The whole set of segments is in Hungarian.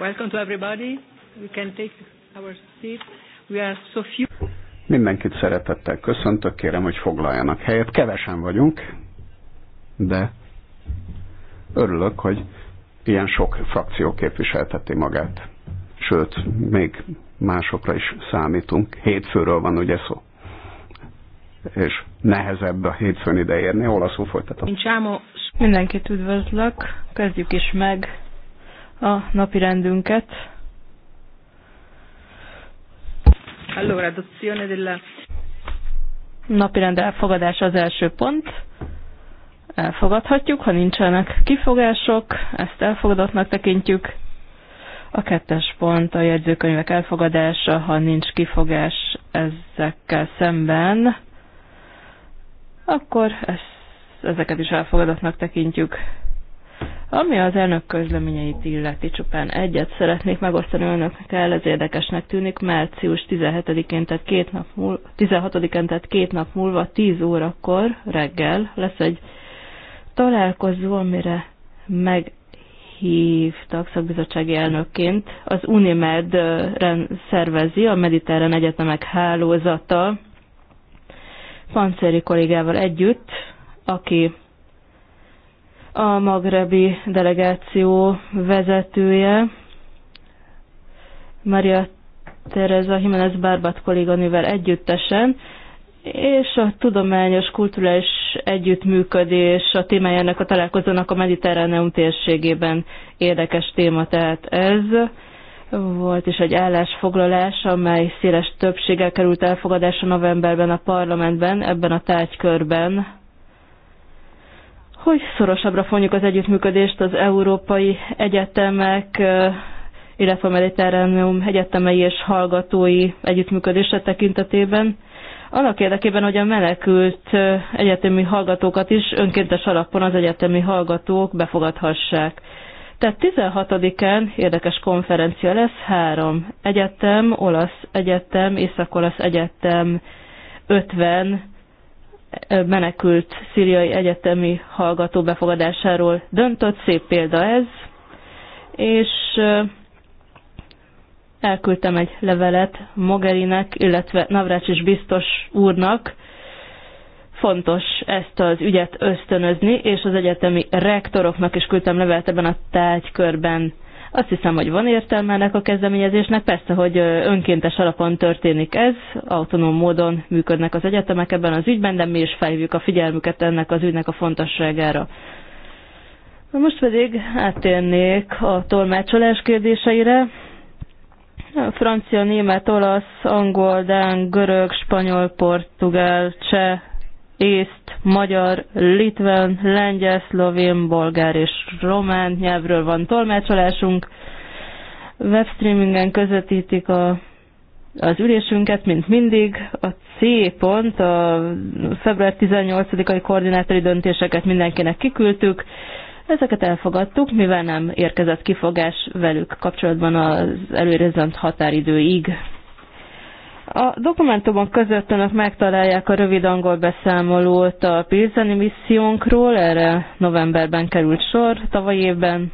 Welcome to everybody. We can take our seat. We are so few. Mindenkit szeretettel köszöntök, kérem, hogy foglaljanak helyet. Kevesen vagyunk, de örülök, hogy ilyen sok frakció képviselteti magát. Sőt, még másokra is számítunk. Hétfőről van ugye szó. És nehezebb a hétfőn érni, olaszul folytatom. Mindenkit üdvözlök, kezdjük is meg a napi rendünket. Allora, adozione della... Napirend elfogadás az első pont. Elfogadhatjuk, ha nincsenek kifogások, ezt elfogadottnak tekintjük. A kettes pont a jegyzőkönyvek elfogadása, ha nincs kifogás ezekkel szemben, akkor ezt, ezeket is elfogadottnak tekintjük. Ami az elnök közleményeit illeti, csupán egyet szeretnék megosztani önökkel, ez érdekesnek tűnik. Március 17-én, tehát két nap múlva, 16-án, tehát két nap múlva, 10 órakor reggel lesz egy találkozó, amire hívtak szakbizottsági elnökként. Az Unimed szervezi, a Mediterrán Egyetemek hálózata, Pancéri kollégával együtt, aki a magrebi delegáció vezetője, Maria Teresa Jimenez Bárbat kolléganővel együttesen, és a tudományos kulturális együttműködés a témájának a találkozónak a Mediterráneum térségében érdekes téma, tehát ez. Volt is egy állásfoglalás, amely széles többséggel került elfogadásra novemberben a parlamentben, ebben a tárgykörben hogy szorosabbra fonjuk az együttműködést az európai egyetemek, illetve a Mediterráneum egyetemei és hallgatói együttműködése tekintetében, annak érdekében, hogy a menekült egyetemi hallgatókat is önkéntes alapon az egyetemi hallgatók befogadhassák. Tehát 16-án érdekes konferencia lesz, három egyetem, olasz egyetem, észak-olasz egyetem, 50 menekült szíriai egyetemi hallgató befogadásáról döntött, szép példa ez, és elküldtem egy levelet Mogerinek, illetve Navrácsis biztos úrnak, fontos ezt az ügyet ösztönözni, és az egyetemi rektoroknak is küldtem levelet ebben a tárgykörben. Azt hiszem, hogy van értelme ennek a kezdeményezésnek. Persze, hogy önkéntes alapon történik ez, autonóm módon működnek az egyetemek ebben az ügyben, de mi is felhívjuk a figyelmüket ennek az ügynek a fontosságára. Most pedig áttérnék a tolmácsolás kérdéseire. Francia, német, olasz, angol, dán, görög, spanyol, portugál, cseh, észt, magyar, litván, lengyel, szlovén, bolgár és román nyelvről van tolmácsolásunk. Webstreamingen közvetítik a, az ülésünket, mint mindig. A C pont, a február 18-ai koordinátori döntéseket mindenkinek kiküldtük. Ezeket elfogadtuk, mivel nem érkezett kifogás velük kapcsolatban az előrezent határidőig. A dokumentumok között önök megtalálják a rövid angol beszámolót a Pilzeni missziónkról, erre novemberben került sor tavaly évben.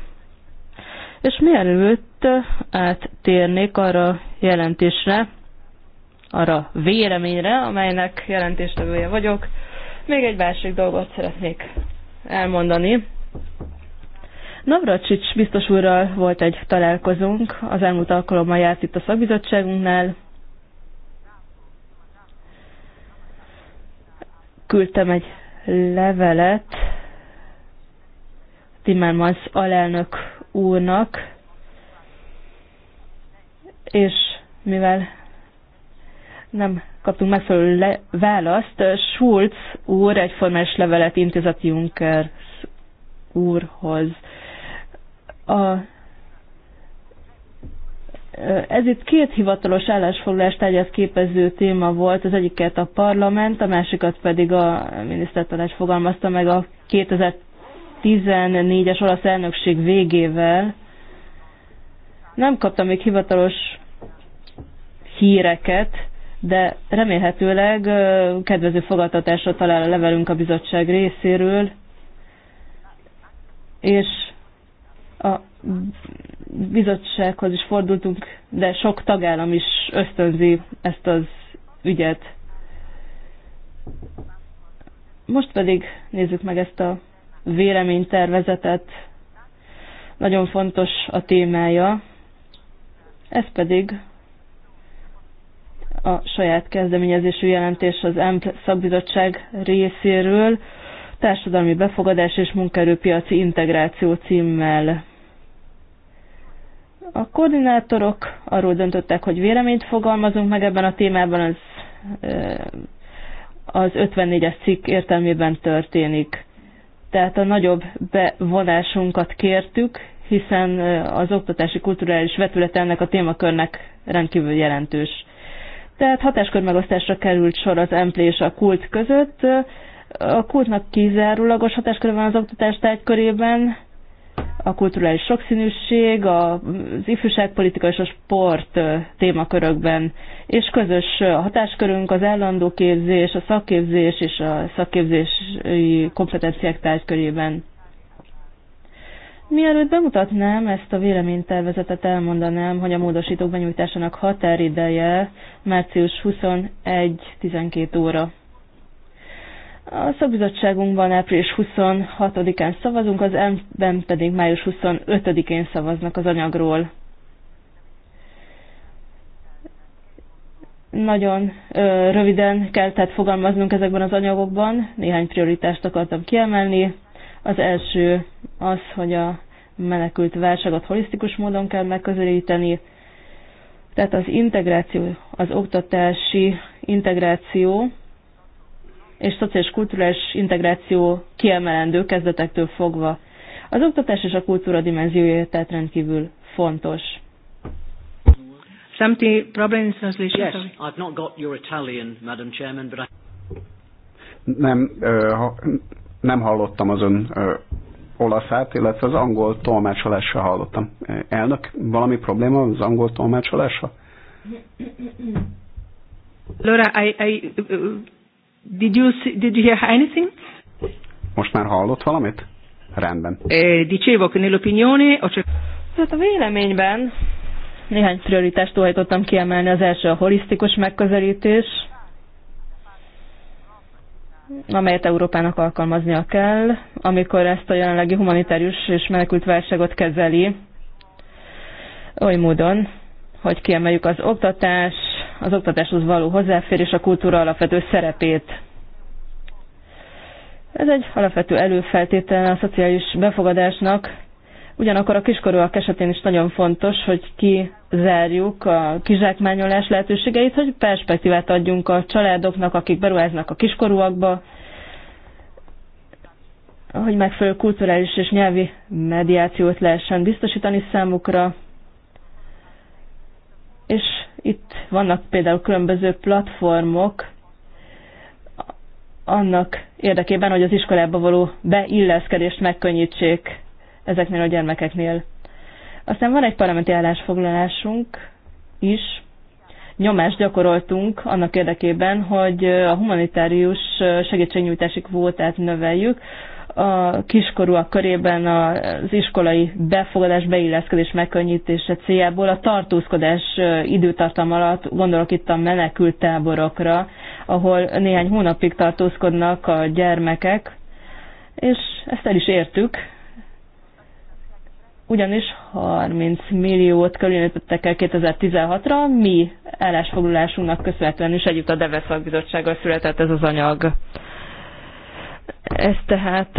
És mielőtt áttérnék arra jelentésre, arra véleményre, amelynek jelentéstevője vagyok, még egy másik dolgot szeretnék elmondani. Navracsics biztos úrral volt egy találkozónk, az elmúlt alkalommal járt itt a szakbizottságunknál, küldtem egy levelet Timmermans alelnök úrnak, és mivel nem kaptunk megfelelő le- választ, Schulz úr egy formás levelet intézett Junkers úrhoz. A ez itt két hivatalos állásfoglalást egyet képező téma volt, az egyiket a parlament, a másikat pedig a minisztertanács fogalmazta meg a 2014-es olasz elnökség végével. Nem kaptam még hivatalos híreket, de remélhetőleg kedvező fogadtatásra talál a levelünk a bizottság részéről, és a bizottsághoz is fordultunk, de sok tagállam is ösztönzi ezt az ügyet. Most pedig nézzük meg ezt a véleménytervezetet. Nagyon fontos a témája. Ez pedig a saját kezdeményezésű jelentés az EMP szakbizottság részéről társadalmi befogadás és munkaerőpiaci integráció címmel. A koordinátorok arról döntöttek, hogy véleményt fogalmazunk meg ebben a témában, az, az 54-es cikk értelmében történik. Tehát a nagyobb bevonásunkat kértük, hiszen az oktatási kulturális vetület ennek a témakörnek rendkívül jelentős. Tehát hatáskör megosztásra került sor az MP és a kult között. A kultnak kizárólagos hatásköre van az oktatás tárgykörében, a kulturális sokszínűség, az ifjúságpolitika és a sport témakörökben, és közös hatáskörünk az állandó képzés, a szakképzés és a szakképzési kompetenciák tárgykörében. Mielőtt bemutatnám ezt a véleménytervezetet, elmondanám, hogy a módosítók benyújtásának határideje március 21-12 óra. A szakbizottságunkban április 26-án szavazunk, az M-ben pedig május 25-én szavaznak az anyagról. Nagyon ö, röviden kell tehát fogalmaznunk ezekben az anyagokban. Néhány prioritást akartam kiemelni. Az első az, hogy a menekült válságot holisztikus módon kell megközelíteni. Tehát az integráció, az oktatási integráció, és szociális kulturális integráció kiemelendő kezdetektől fogva. Az oktatás és a kultúra dimenziója tehát rendkívül fontos. Something problem in translation. Yes, sorry. I've not got your Italian, Madam Chairman, but I... Nem, nem hallottam az ön olaszát, illetve az angol tolmácsolással hallottam. Elnök, valami probléma az angol tolmácsolással? Laura, I, I, Did you, see, did you hear anything? Most már hallott valamit? Rendben. Eh, dicevo che nell'opinione... ho Tehát a véleményben néhány prioritást óhajtottam kiemelni. Az első a holisztikus megközelítés, amelyet Európának alkalmaznia kell, amikor ezt a jelenlegi humanitárius és menekült válságot kezeli, oly módon, hogy kiemeljük az oktatás, az oktatáshoz való hozzáférés a kultúra alapvető szerepét. Ez egy alapvető előfeltétel a szociális befogadásnak, ugyanakkor a kiskorúak esetén is nagyon fontos, hogy kizárjuk a kizsákmányolás lehetőségeit, hogy perspektívát adjunk a családoknak, akik beruháznak a kiskorúakba, hogy megfelelő kulturális és nyelvi mediációt lehessen biztosítani számukra, és itt vannak például különböző platformok, annak érdekében, hogy az iskolába való beilleszkedést megkönnyítsék ezeknél a gyermekeknél. Aztán van egy parlamenti állásfoglalásunk is. Nyomást gyakoroltunk annak érdekében, hogy a humanitárius segítségnyújtási kvótát növeljük, a kiskorúak körében az iskolai befogadás, beilleszkedés megkönnyítése céljából a tartózkodás időtartam alatt, gondolok itt a menekült táborokra, ahol néhány hónapig tartózkodnak a gyermekek, és ezt el is értük, ugyanis 30 milliót különítettek el 2016-ra, mi állásfoglalásunknak köszönhetően is együtt a Deve Bizottsággal született ez az anyag. Ez tehát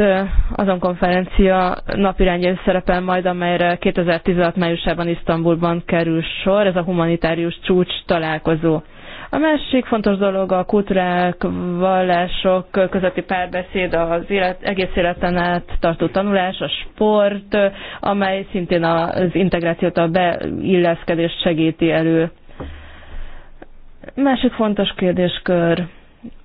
azon konferencia napirányjai szerepel majd, amelyre 2016 májusában Isztambulban kerül sor, ez a humanitárius csúcs találkozó. A másik fontos dolog a kultúrák, vallások közötti párbeszéd, az élet, egész életen át tartó tanulás, a sport, amely szintén az integrációt, a beilleszkedést segíti elő. Másik fontos kérdéskör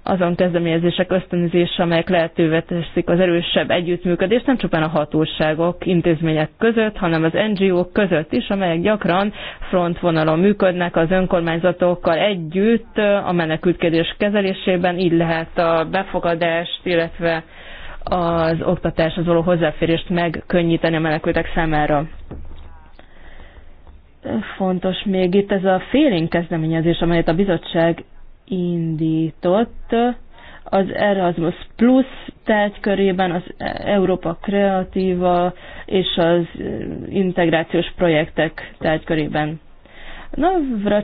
azon kezdeményezések ösztönzése, amelyek lehetővé teszik az erősebb együttműködést nem csupán a hatóságok, intézmények között, hanem az NGO-k között is, amelyek gyakran frontvonalon működnek az önkormányzatokkal együtt a menekültkedés kezelésében, így lehet a befogadást, illetve az oktatáshoz való hozzáférést megkönnyíteni a menekültek számára. Fontos még itt ez a félénk kezdeményezés, amelyet a bizottság indított az Erasmus Plus tárgy körében az Európa Kreatíva és az integrációs projektek tárgy körében.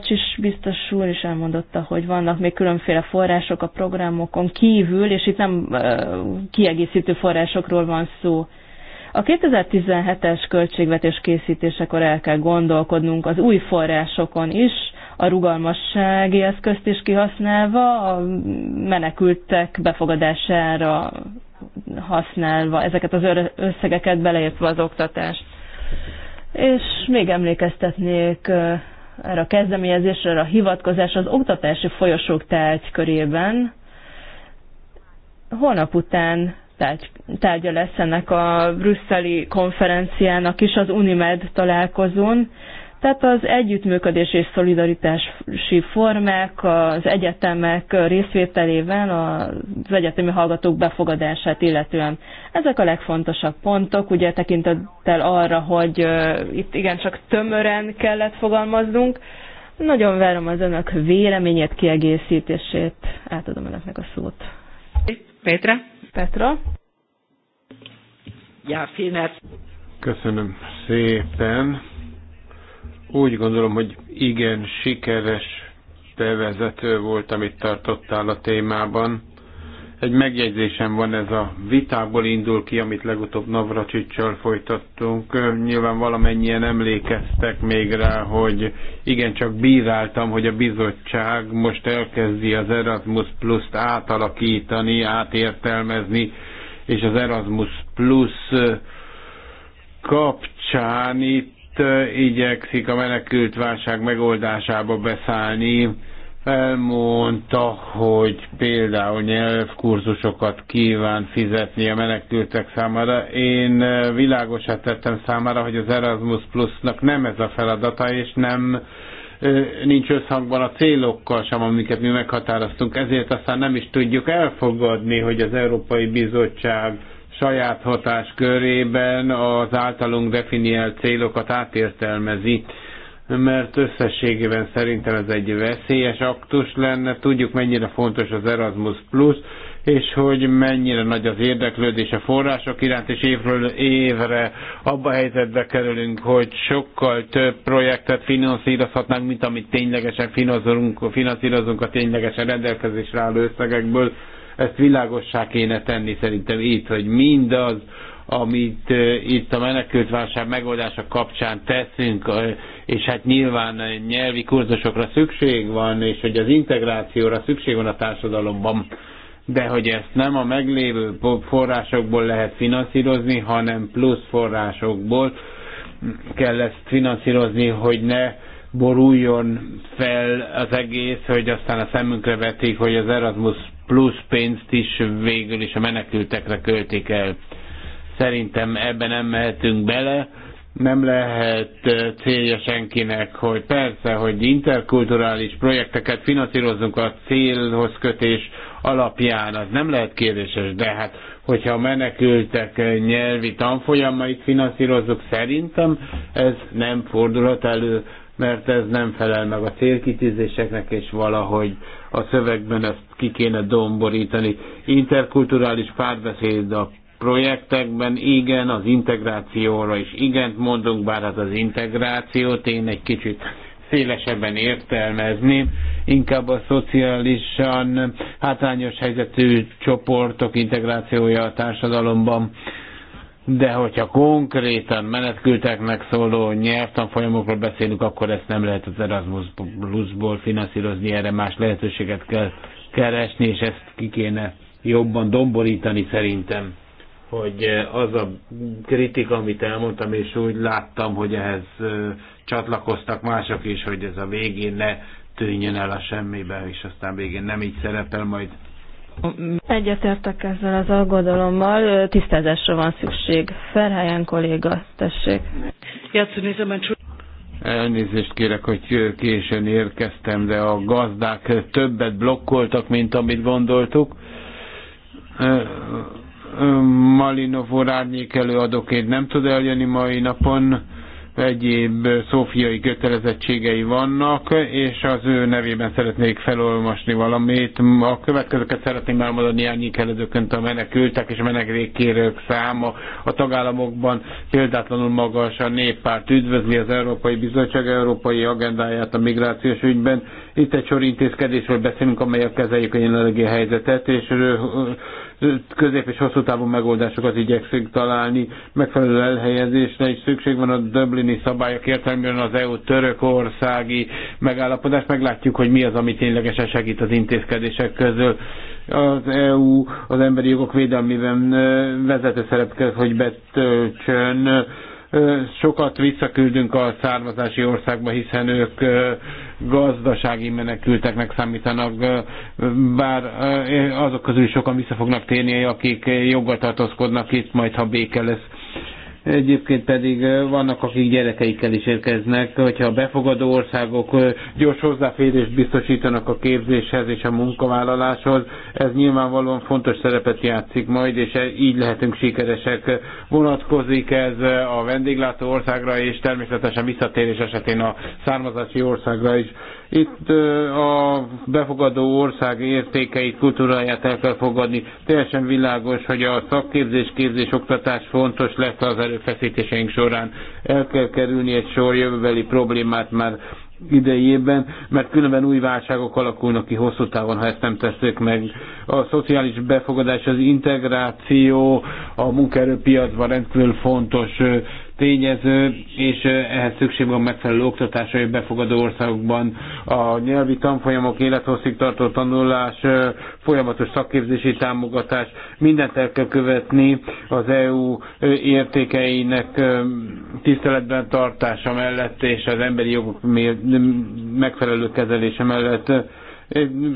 is biztos úr is elmondotta, hogy vannak még különféle források a programokon kívül, és itt nem kiegészítő forrásokról van szó. A 2017-es költségvetés készítésekor el kell gondolkodnunk az új forrásokon is, a rugalmassági eszközt is kihasználva, a menekültek befogadására használva ezeket az összegeket beleértve az oktatást. És még emlékeztetnék erre a kezdeményezésre, erre a hivatkozás az oktatási folyosók tárgy körében. Holnap után tárgy, tárgya lesz ennek a brüsszeli konferenciának is az Unimed találkozón, tehát az együttműködés és szolidaritási formák az egyetemek részvételével az egyetemi hallgatók befogadását illetően. Ezek a legfontosabb pontok, ugye tekintettel arra, hogy itt igencsak tömören kellett fogalmaznunk. Nagyon várom az önök véleményét, kiegészítését. Átadom önöknek a szót. Petra. Petra. Ja, Köszönöm szépen úgy gondolom, hogy igen, sikeres bevezető volt, amit tartottál a témában. Egy megjegyzésem van, ez a vitából indul ki, amit legutóbb Navracsicsal folytattunk. Nyilván valamennyien emlékeztek még rá, hogy igen, csak bíráltam, hogy a bizottság most elkezdi az Erasmus Plus-t átalakítani, átértelmezni, és az Erasmus Plus kapcsán itt igyekszik a menekült válság megoldásába beszállni. Elmondta, hogy például nyelvkurzusokat kíván fizetni a menekültek számára. Én világosat tettem számára, hogy az Erasmus Plusnak nem ez a feladata, és nem nincs összhangban a célokkal sem, amiket mi meghatároztunk, ezért aztán nem is tudjuk elfogadni, hogy az Európai Bizottság saját hatás körében az általunk definiált célokat átértelmezi, mert összességében szerintem ez egy veszélyes aktus lenne. Tudjuk, mennyire fontos az Erasmus Plus, és hogy mennyire nagy az érdeklődés a források iránt, és évről évre abba a helyzetbe kerülünk, hogy sokkal több projektet finanszírozhatnánk, mint amit ténylegesen finanszírozunk, finanszírozunk a ténylegesen rendelkezésre álló összegekből ezt világossá kéne tenni szerintem itt, hogy mindaz, amit eh, itt a menekültválság megoldása kapcsán teszünk, eh, és hát nyilván nyelvi kurzusokra szükség van, és hogy az integrációra szükség van a társadalomban, de hogy ezt nem a meglévő forrásokból lehet finanszírozni, hanem plusz forrásokból kell ezt finanszírozni, hogy ne boruljon fel az egész, hogy aztán a szemünkre vetik, hogy az Erasmus plusz pénzt is végül is a menekültekre költik el. Szerintem ebben nem mehetünk bele, nem lehet célja senkinek, hogy persze, hogy interkulturális projekteket finanszírozzunk a célhoz kötés alapján, az nem lehet kérdéses, de hát hogyha a menekültek nyelvi tanfolyamait finanszírozzuk, szerintem ez nem fordulhat elő, mert ez nem felel meg a célkitűzéseknek, és valahogy a szövegben ezt ki kéne domborítani. Interkulturális párbeszéd a projektekben, igen, az integrációra is igent mondunk, bár hát az integrációt én egy kicsit szélesebben értelmezni, inkább a szociálisan hátrányos helyzetű csoportok integrációja a társadalomban de hogyha konkrétan menetkülteknek szóló nyelvtanfolyamokról beszélünk, akkor ezt nem lehet az Erasmus Plus-ból finanszírozni, erre más lehetőséget kell keresni, és ezt ki kéne jobban domborítani szerintem, hogy eh, az a kritika, amit elmondtam, és úgy láttam, hogy ehhez eh, csatlakoztak mások is, hogy ez a végén ne tűnjön el a semmibe, és aztán végén nem így szerepel majd Egyetértek ezzel az aggodalommal, tisztázásra van szükség. Ferhelyen kolléga, tessék. Elnézést kérek, hogy későn érkeztem, de a gazdák többet blokkoltak, mint amit gondoltuk. Malinov úr árnyék előadóként nem tud eljönni mai napon egyéb szófiai kötelezettségei vannak, és az ő nevében szeretnék felolvasni valamit. A következőket szeretném elmondani Ányi Kelezőkönt a menekültek és menekvékkérők száma. A tagállamokban példátlanul magas a néppárt üdvözli az Európai Bizottság európai agendáját a migrációs ügyben. Itt egy sor intézkedésről beszélünk, amelyek kezeljük a jelenlegi helyzetet, és közép és hosszú távú megoldásokat igyekszünk találni. Megfelelő elhelyezésre is szükség van a Dublini szabályok értelműen az EU-törökországi megállapodás. Meglátjuk, hogy mi az, ami ténylegesen segít az intézkedések közül az EU az emberi jogok védelmében vezető szerepet, hogy betöltsön sokat visszaküldünk a származási országba, hiszen ők gazdasági menekülteknek számítanak, bár azok közül sokan vissza fognak térni, akik joggal tartózkodnak itt, majd ha béke lesz. Egyébként pedig vannak, akik gyerekeikkel is érkeznek, hogyha a befogadó országok gyors hozzáférést biztosítanak a képzéshez és a munkavállaláshoz, ez nyilvánvalóan fontos szerepet játszik majd, és e- így lehetünk sikeresek. Vonatkozik ez a vendéglátó országra, és természetesen visszatérés esetén a származási országra is. Itt a befogadó ország értékeit, kultúráját el kell fogadni. Teljesen világos, hogy a szakképzés, képzés, oktatás fontos lesz az erőfeszítéseink során. El kell kerülni egy sor jövőbeli problémát már idejében, mert különben új válságok alakulnak ki hosszú távon, ha ezt nem tesszük meg. A szociális befogadás, az integráció a munkaerőpiacban rendkívül fontos tényező, és ehhez szükség van megfelelő oktatásra, hogy befogadó országokban a nyelvi tanfolyamok, élethosszig tartó tanulás, folyamatos szakképzési támogatás, mindent el kell követni az EU értékeinek tiszteletben tartása mellett és az emberi jogok megfelelő kezelése mellett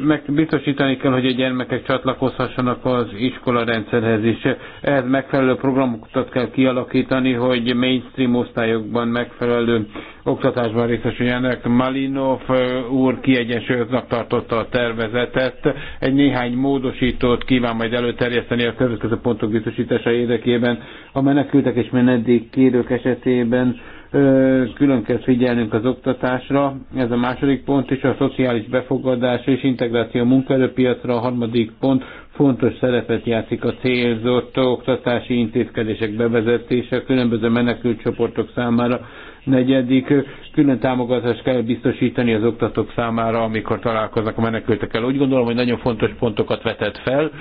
meg biztosítani kell, hogy a gyermekek csatlakozhassanak az iskola rendszerhez is. Ehhez megfelelő programokat kell kialakítani, hogy mainstream osztályokban megfelelő oktatásban részesüljenek. Malinov úr kiegyensúlyoznak tartotta a tervezetet. Egy néhány módosítót kíván majd előterjeszteni a következő pontok biztosítása érdekében. A menekültek és menedékkérők esetében külön kell figyelnünk az oktatásra. Ez a második pont is a szociális befogadás és integráció a munkaerőpiacra. A harmadik pont fontos szerepet játszik a célzott oktatási intézkedések bevezetése különböző menekültcsoportok számára. Negyedik, külön támogatást kell biztosítani az oktatók számára, amikor találkoznak a menekültekkel. Úgy gondolom, hogy nagyon fontos pontokat vetett fel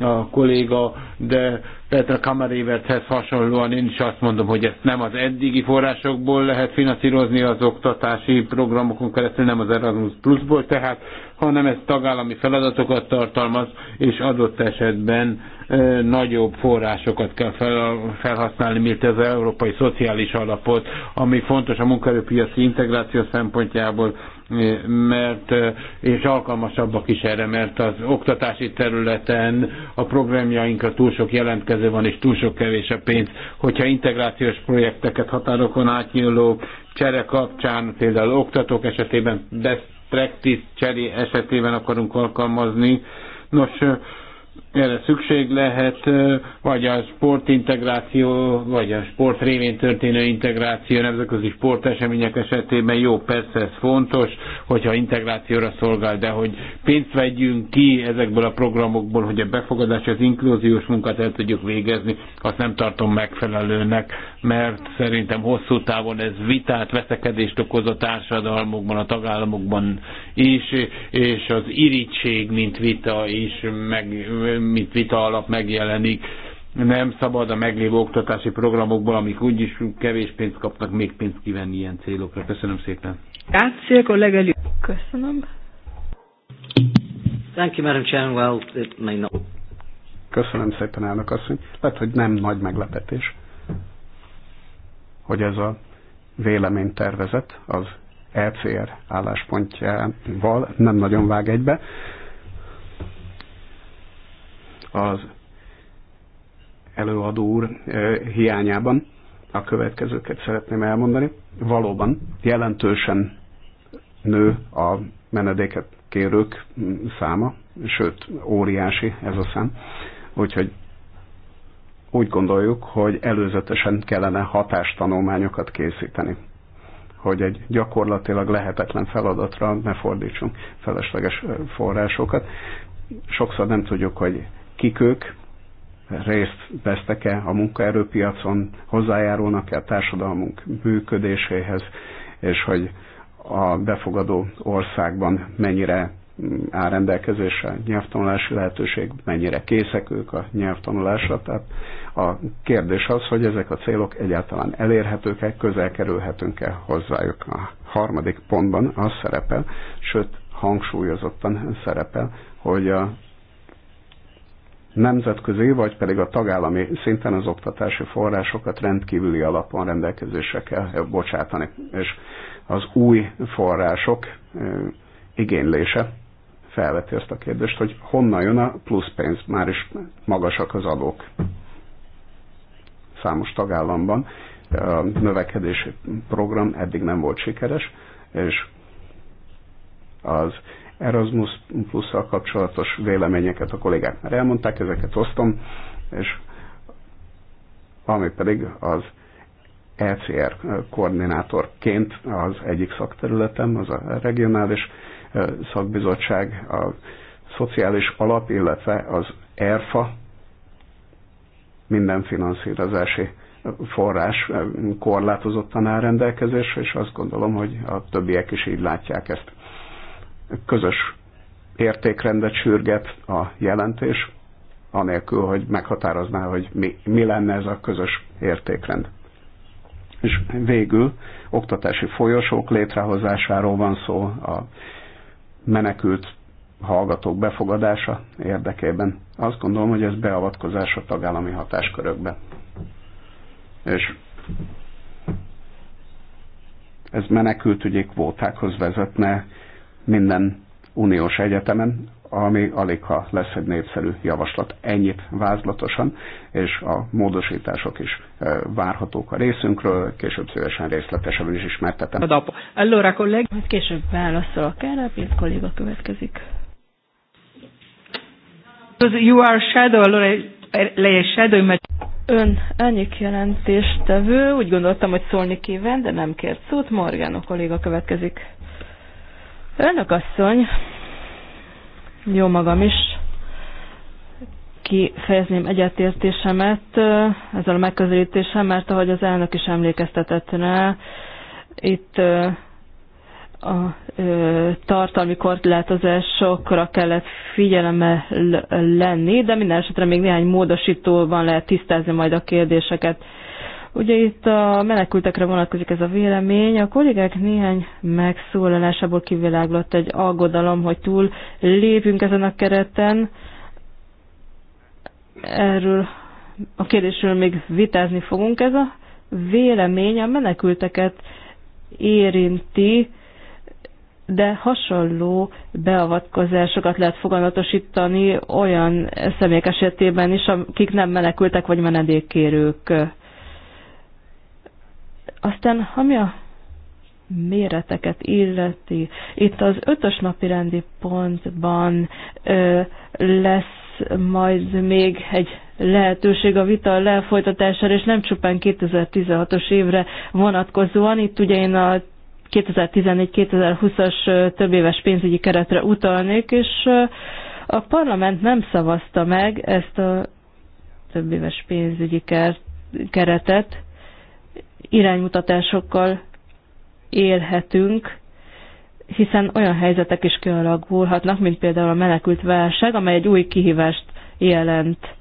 a kolléga, de Petra Kameréverthez hasonlóan én is azt mondom, hogy ezt nem az eddigi forrásokból lehet finanszírozni az oktatási programokon keresztül, nem az Erasmus Plusból tehát, hanem ez tagállami feladatokat tartalmaz, és adott esetben e, nagyobb forrásokat kell fel, felhasználni, mint az Európai Szociális Alapot, ami fontos a munkaerőpiaci integráció szempontjából, mert, eh, és alkalmasabbak is erre, mert az oktatási területen a programjainkra túl sok jelentkező van, és túl sok kevés a pénz. Hogyha integrációs projekteket határokon átnyúló csere kapcsán, például oktatók esetében best practice cseri esetében akarunk alkalmazni, nos, eh, erre szükség lehet, vagy a sportintegráció, vagy a sport révén történő integráció nemzetközi sportesemények esetében jó, persze ez fontos, hogyha integrációra szolgál, de hogy pénzt vegyünk ki ezekből a programokból, hogy a befogadás, az inkluziós munkát el tudjuk végezni, azt nem tartom megfelelőnek, mert szerintem hosszú távon ez vitát, veszekedést okoz a társadalmokban, a tagállamokban is, és az irítség, mint vita is meg mint vita alap megjelenik. Nem szabad a meglévő oktatási programokból, amik úgyis kevés pénzt kapnak, még pénzt kivenni ilyen célokra. Köszönöm szépen. Köszönöm. Thank you, Madam Chairman. Well, it may not. Köszönöm szépen, elnök asszony. Lehet, hogy nem nagy meglepetés, hogy ez a véleménytervezet az ECR álláspontjával nem nagyon vág egybe, az előadó úr hiányában a következőket szeretném elmondani. Valóban jelentősen nő a menedéket kérők száma, sőt, óriási ez a szám. Úgyhogy úgy gondoljuk, hogy előzetesen kellene hatástanulmányokat készíteni, hogy egy gyakorlatilag lehetetlen feladatra ne fordítsunk felesleges forrásokat. Sokszor nem tudjuk, hogy kik ők, részt vesztek-e a munkaerőpiacon, hozzájárulnak-e a társadalmunk működéséhez, és hogy a befogadó országban mennyire mm, áll rendelkezésre nyelvtanulási lehetőség, mennyire készek ők a nyelvtanulásra. Tehát a kérdés az, hogy ezek a célok egyáltalán elérhetők-e, közel kerülhetünk-e hozzájuk. A harmadik pontban az szerepel, sőt hangsúlyozottan szerepel, hogy a nemzetközi, vagy pedig a tagállami szinten az oktatási forrásokat rendkívüli alapon rendelkezésre kell bocsátani. És az új források igénylése felveti ezt a kérdést, hogy honnan jön a plusz pénz, már is magasak az adók számos tagállamban. A növekedési program eddig nem volt sikeres, és az Erasmus plus kapcsolatos véleményeket a kollégák már elmondták, ezeket osztom, és ami pedig az ECR koordinátorként az egyik szakterületem, az a regionális szakbizottság, a szociális alap, illetve az ERFA, minden finanszírozási forrás korlátozottan áll rendelkezésre, és azt gondolom, hogy a többiek is így látják ezt közös értékrendet sürget a jelentés, anélkül, hogy meghatározná, hogy mi, mi lenne ez a közös értékrend. És végül oktatási folyosók létrehozásáról van szó a menekült hallgatók befogadása érdekében. Azt gondolom, hogy ez beavatkozás a tagállami hatáskörökbe. És ez menekültügyi kvótákhoz vezetne, minden uniós egyetemen, ami alig ha lesz egy népszerű javaslat. Ennyit vázlatosan, és a módosítások is várhatók a részünkről, később szívesen részletesen is ismertetem. Előre kolleg... Majd később válaszolok erre, Pilt kolléga következik. You are shadow, lay a eh, shadow Ön jelentést tevő? úgy gondoltam, hogy szólni kíván, de nem kért szót. Morgano kolléga következik. Önök asszony, jó magam is, kifejezném egyetértésemet ezzel a megközelítéssel, mert ahogy az elnök is emlékeztetett rá, itt a tartalmi korlátozásokra kellett figyelemmel lenni, de minden esetre még néhány módosítóban lehet tisztázni majd a kérdéseket. Ugye itt a menekültekre vonatkozik ez a vélemény. A kollégák néhány megszólalásából kiviláglott egy aggodalom, hogy túl lépünk ezen a kereten. Erről a kérdésről még vitázni fogunk. Ez a vélemény a menekülteket érinti, de hasonló beavatkozásokat lehet fogalmatosítani olyan személyek esetében is, akik nem menekültek vagy menedékkérők. Aztán, ami a méreteket illeti, itt az ötös napi rendi pontban ö, lesz majd még egy lehetőség a vita lefolytatására, és nem csupán 2016-os évre vonatkozóan. Itt ugye én a 2014-2020-as többéves pénzügyi keretre utalnék, és a parlament nem szavazta meg ezt a többéves pénzügyi keretet, iránymutatásokkal élhetünk, hiszen olyan helyzetek is kialakulhatnak, mint például a menekült válság, amely egy új kihívást jelent.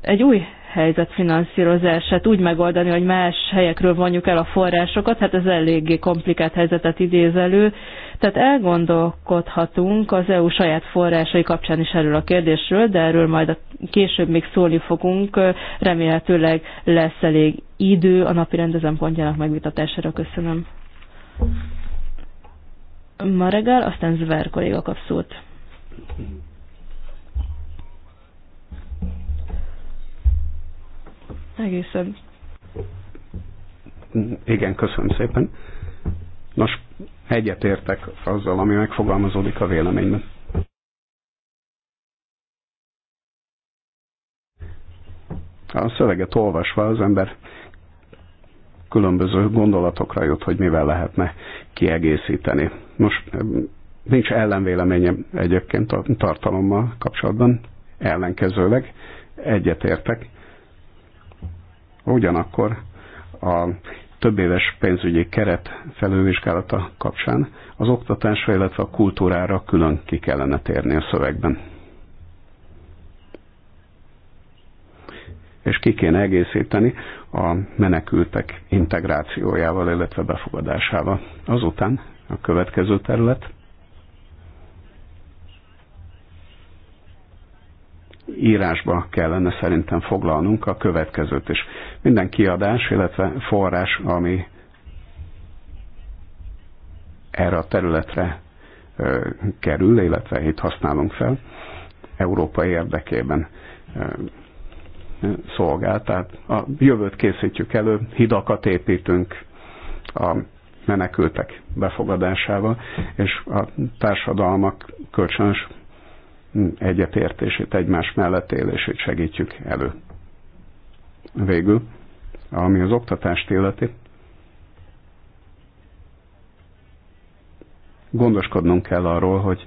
Egy új helyzet finanszírozását úgy megoldani, hogy más helyekről vonjuk el a forrásokat, hát ez eléggé komplikált helyzetet idéz elő. Tehát elgondolkodhatunk az EU saját forrásai kapcsán is erről a kérdésről, de erről majd a később még szólni fogunk. Remélhetőleg lesz elég idő a napi rendezem pontjának megvitatására. Köszönöm. Ma reggel, aztán Zver kolléga kap szót. egészen. Igen, köszönöm szépen. Nos, egyetértek azzal, ami megfogalmazódik a véleményben. A szöveget olvasva az ember különböző gondolatokra jut, hogy mivel lehetne kiegészíteni. Most nincs ellenvéleményem egyébként a tartalommal kapcsolatban, ellenkezőleg egyetértek Ugyanakkor a több éves pénzügyi keret felővizsgálata kapcsán az oktatásra, illetve a kultúrára külön ki kellene térni a szövegben. És ki kéne egészíteni a menekültek integrációjával, illetve befogadásával. Azután a következő terület írásba kellene szerintem foglalnunk a következőt is. Minden kiadás, illetve forrás, ami erre a területre ö, kerül, illetve itt használunk fel, Európa érdekében ö, szolgál. Tehát a jövőt készítjük elő, hidakat építünk a menekültek befogadásával, és a társadalmak kölcsönös egyetértését, egymás mellett élését segítjük elő. Végül, ami az oktatást illeti, gondoskodnunk kell arról, hogy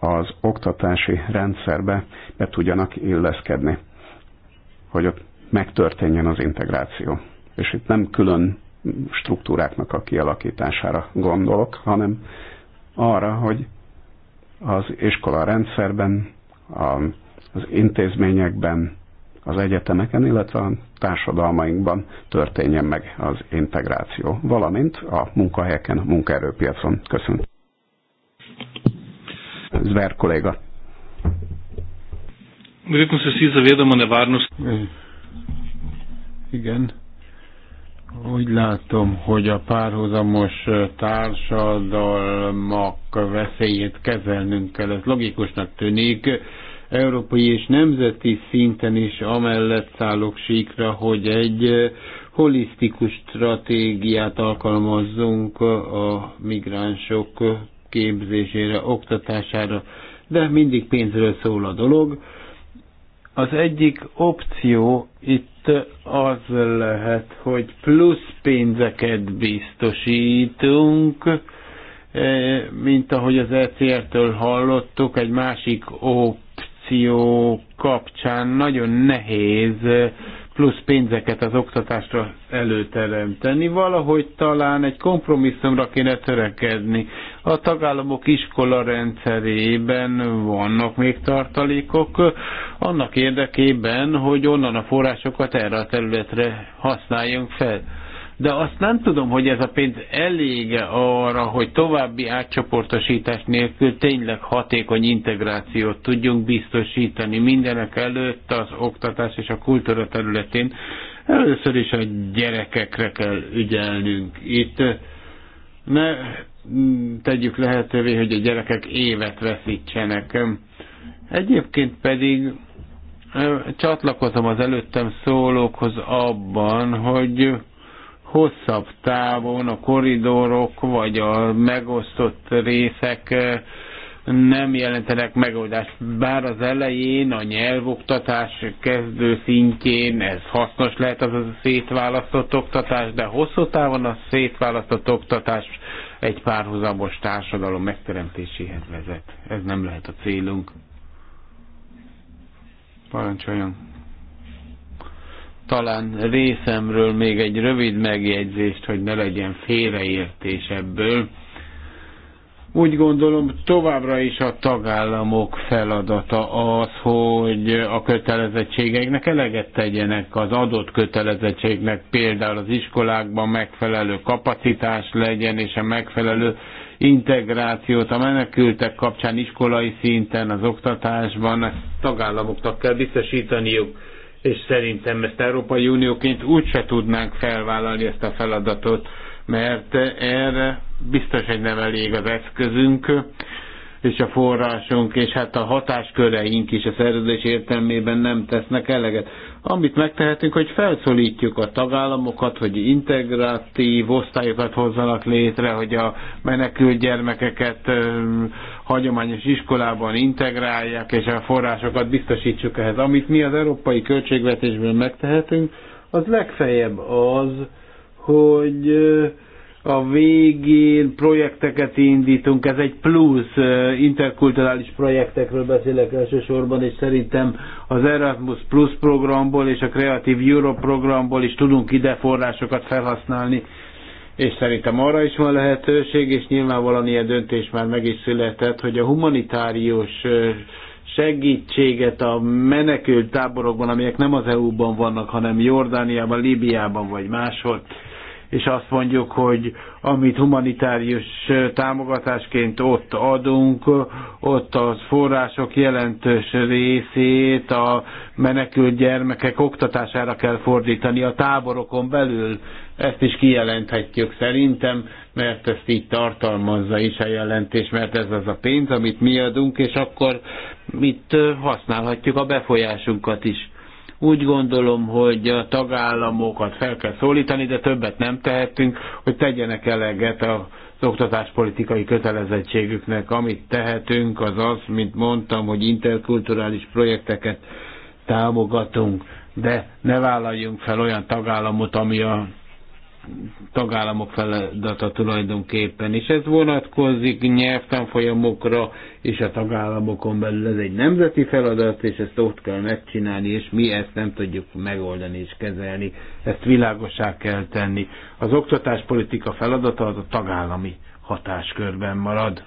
az oktatási rendszerbe be tudjanak illeszkedni, hogy ott megtörténjen az integráció. És itt nem külön struktúráknak a kialakítására gondolok, hanem arra, hogy az iskola rendszerben, az intézményekben, az egyetemeken, illetve a társadalmainkban történjen meg az integráció, valamint a munkahelyeken, a munkaerőpiacon. Köszönöm. Zver kolléga. Verjetno se vsi zavedamo nevarnosti. Eh, igen. Úgy látom, hogy a párhuzamos társadalmak veszélyét kezelnünk kell. Ez logikusnak tűnik. Európai és nemzeti szinten is amellett szállok síkra, hogy egy holisztikus stratégiát alkalmazzunk a migránsok képzésére, oktatására, de mindig pénzről szól a dolog. Az egyik opció itt az lehet, hogy plusz pénzeket biztosítunk, eh, mint ahogy az ECR-től hallottuk, egy másik opció kapcsán nagyon nehéz eh, plusz pénzeket az oktatásra előteremteni. Valahogy talán egy kompromisszumra kéne törekedni. A tagállamok iskola rendszerében vannak még tartalékok, annak érdekében, hogy onnan a forrásokat erre a területre használjunk fel de azt nem tudom, hogy ez a pénz elég arra, hogy további átcsoportosítás nélkül tényleg hatékony integrációt tudjunk biztosítani mindenek előtt az oktatás és a kultúra területén. Először is a gyerekekre kell ügyelnünk. Itt eh, ne mm, tegyük lehetővé, hogy a gyerekek évet veszítsenek. Egyébként pedig eh, csatlakozom az előttem szólókhoz abban, hogy hosszabb távon a koridorok vagy a megosztott részek eh, nem jelentenek megoldást. Bár az elején a nyelvoktatás kezdő szintjén ez hasznos lehet az a szétválasztott oktatás, de hosszú távon a szétválasztott oktatás egy párhuzamos társadalom megteremtéséhez vezet. Ez nem lehet a célunk. Parancsoljon! Talán részemről még egy rövid megjegyzést, hogy ne legyen félreértés ebből. Úgy gondolom, továbbra is a tagállamok feladata az, hogy a kötelezettségeknek eleget tegyenek az adott kötelezettségnek, például az iskolákban megfelelő kapacitás legyen, és a megfelelő integrációt a menekültek kapcsán iskolai szinten, az oktatásban, ezt tagállamoknak kell biztosítaniuk és szerintem ezt Európai Unióként úgyse tudnánk felvállalni ezt a feladatot, mert erre biztos, hogy nem elég az eszközünk és a forrásunk, és hát a hatásköreink is a szerződés értelmében nem tesznek eleget. Amit megtehetünk, hogy felszólítjuk a tagállamokat, hogy integratív osztályokat hozzanak létre, hogy a menekült gyermekeket hagyományos iskolában integrálják, és a forrásokat biztosítsuk ehhez. Amit mi az európai költségvetésből megtehetünk, az legfeljebb az, hogy a végén projekteket indítunk, ez egy plusz, interkulturális projektekről beszélek elsősorban, és szerintem az Erasmus Plus programból és a Creative Europe programból is tudunk ide forrásokat felhasználni és szerintem arra is van lehetőség, és nyilvánvalóan ilyen döntés már meg is született, hogy a humanitárius segítséget a menekült táborokban, amelyek nem az EU-ban vannak, hanem Jordániában, Líbiában vagy máshol, és azt mondjuk, hogy amit humanitárius támogatásként ott adunk, ott az források jelentős részét a menekült gyermekek oktatására kell fordítani a táborokon belül. Ezt is kijelenthetjük szerintem, mert ezt így tartalmazza is a jelentés, mert ez az a pénz, amit mi adunk, és akkor itt használhatjuk a befolyásunkat is úgy gondolom, hogy a tagállamokat fel kell szólítani, de többet nem tehetünk, hogy tegyenek eleget a az oktatáspolitikai kötelezettségüknek. Amit tehetünk, az az, mint mondtam, hogy interkulturális projekteket támogatunk, de ne vállaljunk fel olyan tagállamot, ami a tagállamok feladata tulajdonképpen, és ez vonatkozik nyelvtanfolyamokra és a tagállamokon belül. Ez egy nemzeti feladat, és ezt ott kell megcsinálni, és mi ezt nem tudjuk megoldani és kezelni. Ezt világosá kell tenni. Az oktatáspolitika feladata az a tagállami hatáskörben marad.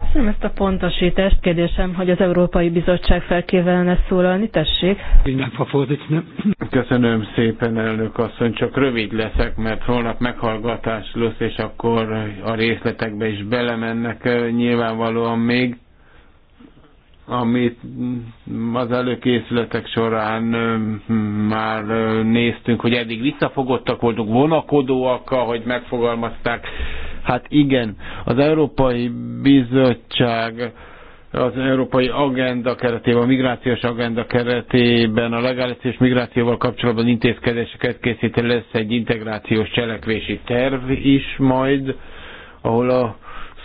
Köszönöm ezt a pontosítást. Kérdésem, hogy az Európai Bizottság fel kívánna szólalni. Tessék. Köszönöm szépen, elnök asszony. Csak rövid leszek, mert holnap meghallgatás lesz, és akkor a részletekbe is belemennek eh, nyilvánvalóan még amit az előkészületek során eh, már eh, néztünk, hogy eddig visszafogottak voltunk, vonakodóak, ahogy megfogalmazták, Hát igen, az Európai Bizottság az Európai Agenda keretében, a migrációs agenda keretében a legális és migrációval kapcsolatban intézkedéseket készít, lesz egy integrációs cselekvési terv is majd, ahol a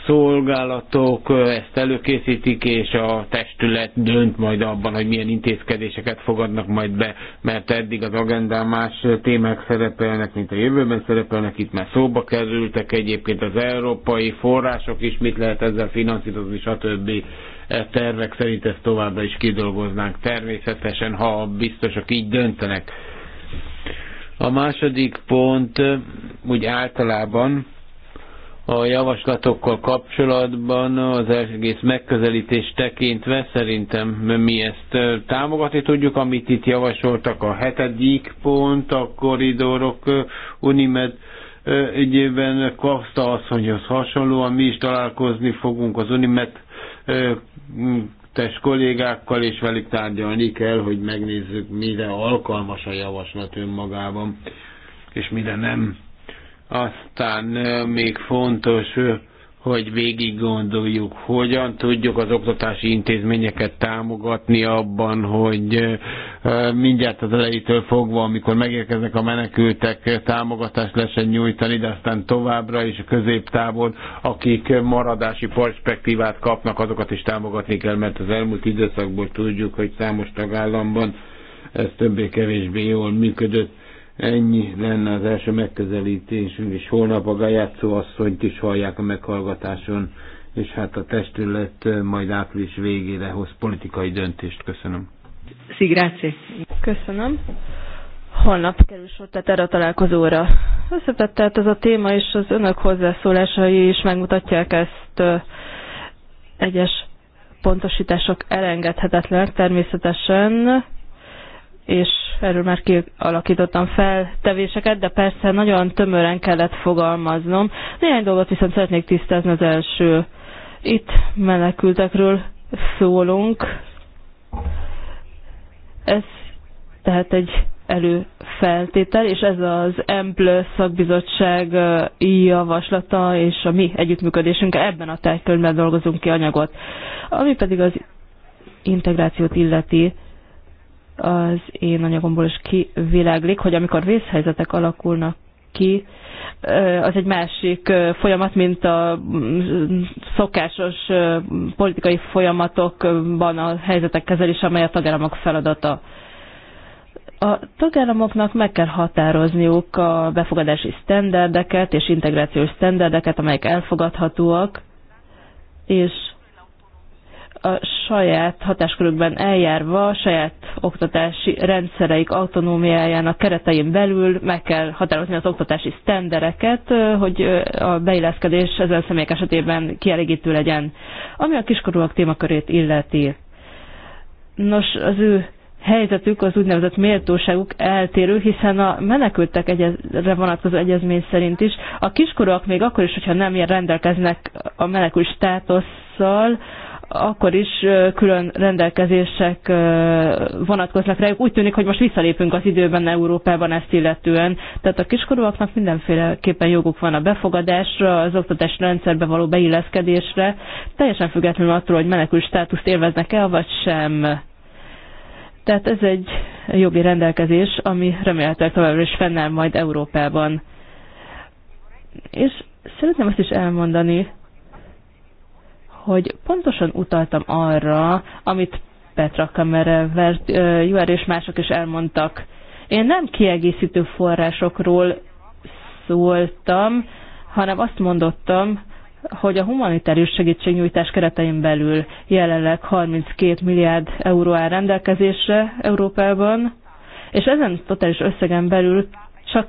szolgálatok ezt előkészítik, és a testület dönt majd abban, hogy milyen intézkedéseket fogadnak majd be, mert eddig az agendán más témák szerepelnek, mint a jövőben szerepelnek, itt már szóba kerültek egyébként az európai források is, mit lehet ezzel finanszírozni, stb. E tervek szerint ezt továbbra is kidolgoznánk, természetesen, ha biztosak így döntenek. A második pont úgy általában a javaslatokkal kapcsolatban az egész megközelítést tekintve szerintem mi ezt támogatni tudjuk, amit itt javasoltak a hetedik pont, a koridorok Unimed ügyében Kasta asszonyhoz hasonlóan mi is találkozni fogunk az Unimed kollégákkal, és velük tárgyalni kell, hogy megnézzük, mire alkalmas a javaslat önmagában, és mire nem aztán még fontos, hogy végig gondoljuk, hogyan tudjuk az oktatási intézményeket támogatni abban, hogy mindjárt az elejétől fogva, amikor megérkeznek a menekültek, támogatást lesen nyújtani, de aztán továbbra is a középtávon, akik maradási perspektívát kapnak, azokat is támogatni kell, mert az elmúlt időszakból tudjuk, hogy számos tagállamban ez többé-kevésbé jól működött Ennyi lenne az első megközelítésünk, és holnap a Gajátszó asszonyt is hallják a meghallgatáson, és hát a testület majd április végére hoz politikai döntést. Köszönöm. Szigráci. Köszönöm. Holnap kerül sor, tehát erre a találkozóra. Összetett tehát ez a téma, és az önök hozzászólásai is megmutatják ezt egyes pontosítások elengedhetetlenek természetesen és erről már kialakítottam feltevéseket, de persze nagyon tömören kellett fogalmaznom. Néhány dolgot viszont szeretnék tisztázni az első. Itt menekültekről szólunk. Ez tehát egy előfeltétel, és ez az EMPL szakbizottság javaslata és a mi együttműködésünk ebben a tárgykörben dolgozunk ki anyagot. Ami pedig az integrációt illeti, az én anyagomból is kiviláglik, hogy amikor vészhelyzetek alakulnak ki, az egy másik folyamat, mint a mm, szokásos politikai folyamatokban a helyzetek kezelése, amely a tagállamok feladata. A tagállamoknak meg kell határozniuk a befogadási sztenderdeket és integrációs sztenderdeket, amelyek elfogadhatóak, és a saját hatáskörükben eljárva, saját oktatási rendszereik autonómiájának keretein belül meg kell határozni az oktatási sztendereket, hogy a beilleszkedés ezen személyek esetében kielégítő legyen. Ami a kiskorúak témakörét illeti. Nos, az ő helyzetük, az úgynevezett méltóságuk eltérő, hiszen a menekültek egyezre vonatkozó egyezmény szerint is a kiskorúak még akkor is, hogyha nem ilyen rendelkeznek a menekült státusszal, akkor is külön rendelkezések vonatkoznak rájuk. Úgy tűnik, hogy most visszalépünk az időben Európában ezt illetően. Tehát a kiskorúaknak mindenféleképpen joguk van a befogadásra, az oktatás rendszerbe való beilleszkedésre, teljesen függetlenül attól, hogy menekül státuszt élveznek-e, vagy sem. Tehát ez egy jogi rendelkezés, ami remélhetőleg továbbra is fennáll majd Európában. És szeretném azt is elmondani, hogy pontosan utaltam arra, amit Petra Kamerevert, Juer és mások is elmondtak. Én nem kiegészítő forrásokról szóltam, hanem azt mondottam, hogy a humanitárius segítségnyújtás keretein belül jelenleg 32 milliárd euró áll rendelkezésre Európában, és ezen totális összegen belül csak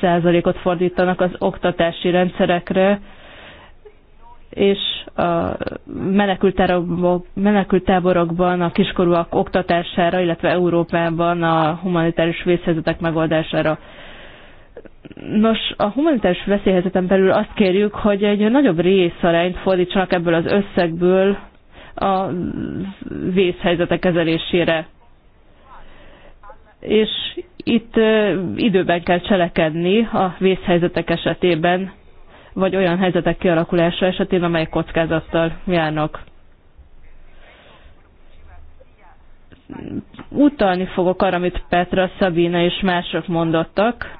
2%-ot fordítanak az oktatási rendszerekre, és a menekültáborokban a kiskorúak oktatására, illetve Európában a humanitárius vészhelyzetek megoldására. Nos, a humanitárius veszélyhelyzeten belül azt kérjük, hogy egy nagyobb részarányt fordítsanak ebből az összegből a vészhelyzetek kezelésére. És itt időben kell cselekedni a vészhelyzetek esetében, vagy olyan helyzetek kialakulása esetében, amelyek kockázattal járnak. Utalni fogok arra, amit Petra, Szabina és mások mondottak.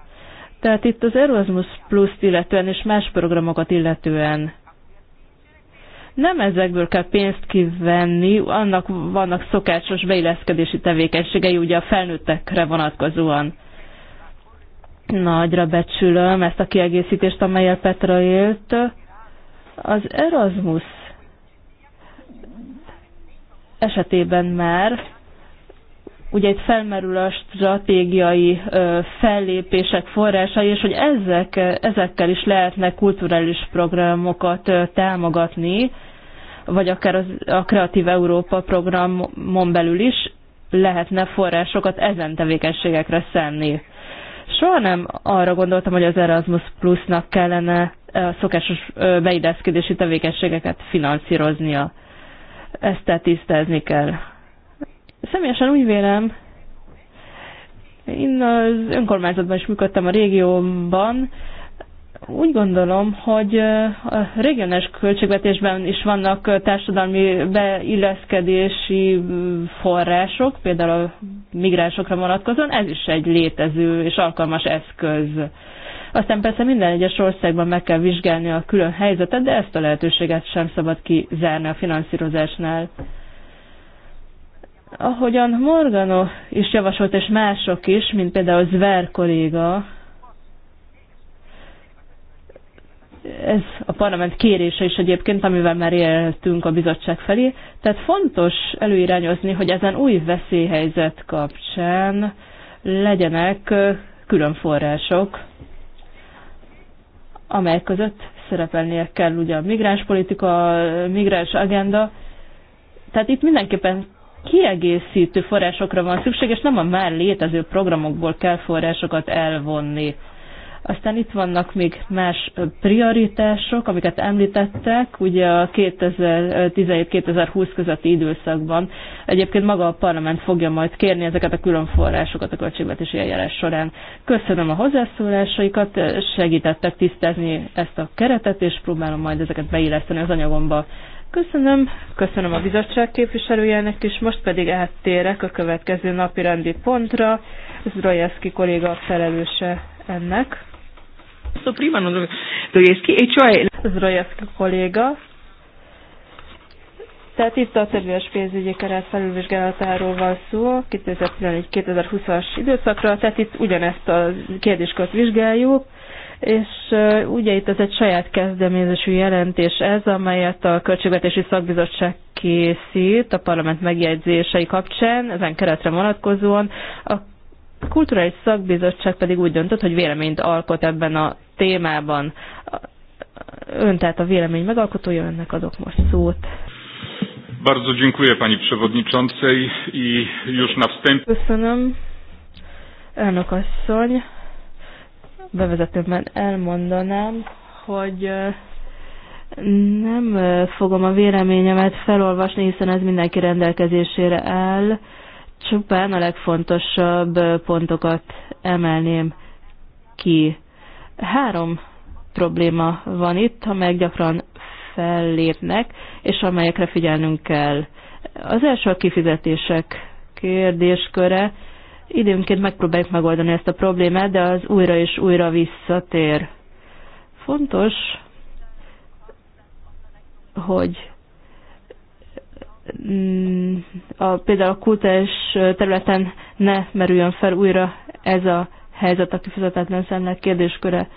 Tehát itt az Erasmus plus illetően és más programokat illetően nem ezekből kell pénzt kivenni, annak vannak szokásos beilleszkedési tevékenységei ugye a felnőttekre vonatkozóan. Nagyra becsülöm ezt a kiegészítést, amelyel Petra élt. Az Erasmus esetében már ugye itt felmerül a stratégiai fellépések forrásai, és hogy ezek, ezekkel is lehetne kulturális programokat támogatni, vagy akár az, a Kreatív Európa programon belül is lehetne forrásokat ezen tevékenységekre szenni. Soha nem arra gondoltam, hogy az Erasmus Plusnak kellene a szokásos beideszkedési tevékenységeket finanszíroznia. Ezt te tisztázni kell. Személyesen úgy vélem, én az önkormányzatban is működtem a régióban. Úgy gondolom, hogy a regionális költségvetésben is vannak társadalmi beilleszkedési források, például a migránsokra vonatkozóan, ez is egy létező és alkalmas eszköz. Aztán persze minden egyes országban meg kell vizsgálni a külön helyzetet, de ezt a lehetőséget sem szabad kizárni a finanszírozásnál. Ahogyan Morgano is javasolt, és mások is, mint például Zver kolléga, ez a parlament kérése is egyébként, amivel már éltünk a bizottság felé. Tehát fontos előirányozni, hogy ezen új veszélyhelyzet kapcsán legyenek külön források, amelyek között szerepelnie kell ugye a migráns politika, a migráns agenda. Tehát itt mindenképpen kiegészítő forrásokra van szükség, és nem a már létező programokból kell forrásokat elvonni. Aztán itt vannak még más prioritások, amiket említettek, ugye a 2017-2020 közötti időszakban. Egyébként maga a parlament fogja majd kérni ezeket a külön forrásokat a költségvetési eljárás során. Köszönöm a hozzászólásaikat, segítettek tisztázni ezt a keretet, és próbálom majd ezeket beilleszteni az anyagomba. Köszönöm, köszönöm a bizottság képviselőjének is, most pedig áttérek a következő napi rendi pontra. Ez Rajeszki kolléga a felelőse ennek. E Zdrojewski kolléga. Tehát itt a többéves pénzügyi keret felülvizsgálatáról van szó, 2011-2020-as időszakra, tehát itt ugyanezt a kérdéskört vizsgáljuk, és uh, ugye itt ez egy saját kezdeményezésű jelentés ez, amelyet a Költségvetési Szakbizottság készít a parlament megjegyzései kapcsán, ezen keretre vonatkozóan. A a Kulturális Szakbizottság pedig úgy döntött, hogy véleményt alkot ebben a témában. Ön tehát a vélemény megalkotója, önnek adok most szót. Bardzo dziękuję pani przewodniczącej i już na wstępie. Köszönöm, elnök asszony. Bevezetőben elmondanám, hogy nem fogom a véleményemet felolvasni, hiszen ez mindenki rendelkezésére áll. Csupán a legfontosabb pontokat emelném ki. Három probléma van itt, amelyek gyakran fellépnek, és amelyekre figyelnünk kell. Az első a kifizetések kérdésköre. Időnként megpróbáljuk megoldani ezt a problémát, de az újra és újra visszatér. Fontos, hogy a, például a kultás területen ne merüljön fel újra ez a helyzet a kifizetetlen számlák kérdésköre.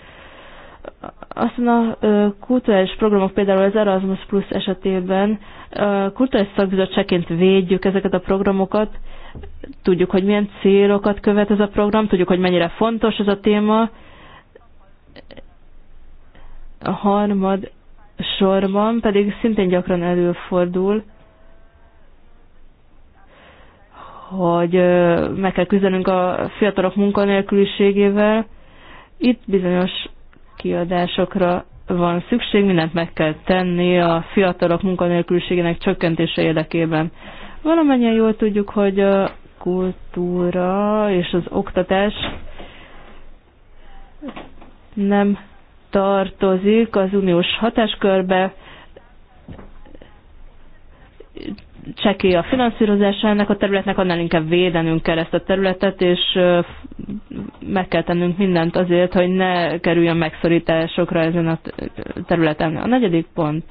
Aztán a kulturális programok például az Erasmus Plus esetében kulturális szakbizottságként védjük ezeket a programokat, tudjuk, hogy milyen célokat követ ez a program, tudjuk, hogy mennyire fontos ez a téma. A harmad sorban pedig szintén gyakran előfordul, hogy meg kell küzdenünk a fiatalok munkanélküliségével. Itt bizonyos kiadásokra van szükség, mindent meg kell tenni a fiatalok munkanélküliségének csökkentése érdekében. Valamennyien jól tudjuk, hogy a kultúra és az oktatás nem tartozik az uniós hatáskörbe, csekély a finanszírozása ennek a területnek, annál inkább védenünk kell ezt a területet, és meg kell tennünk mindent azért, hogy ne kerüljön megszorításokra ezen a területen. A negyedik pont.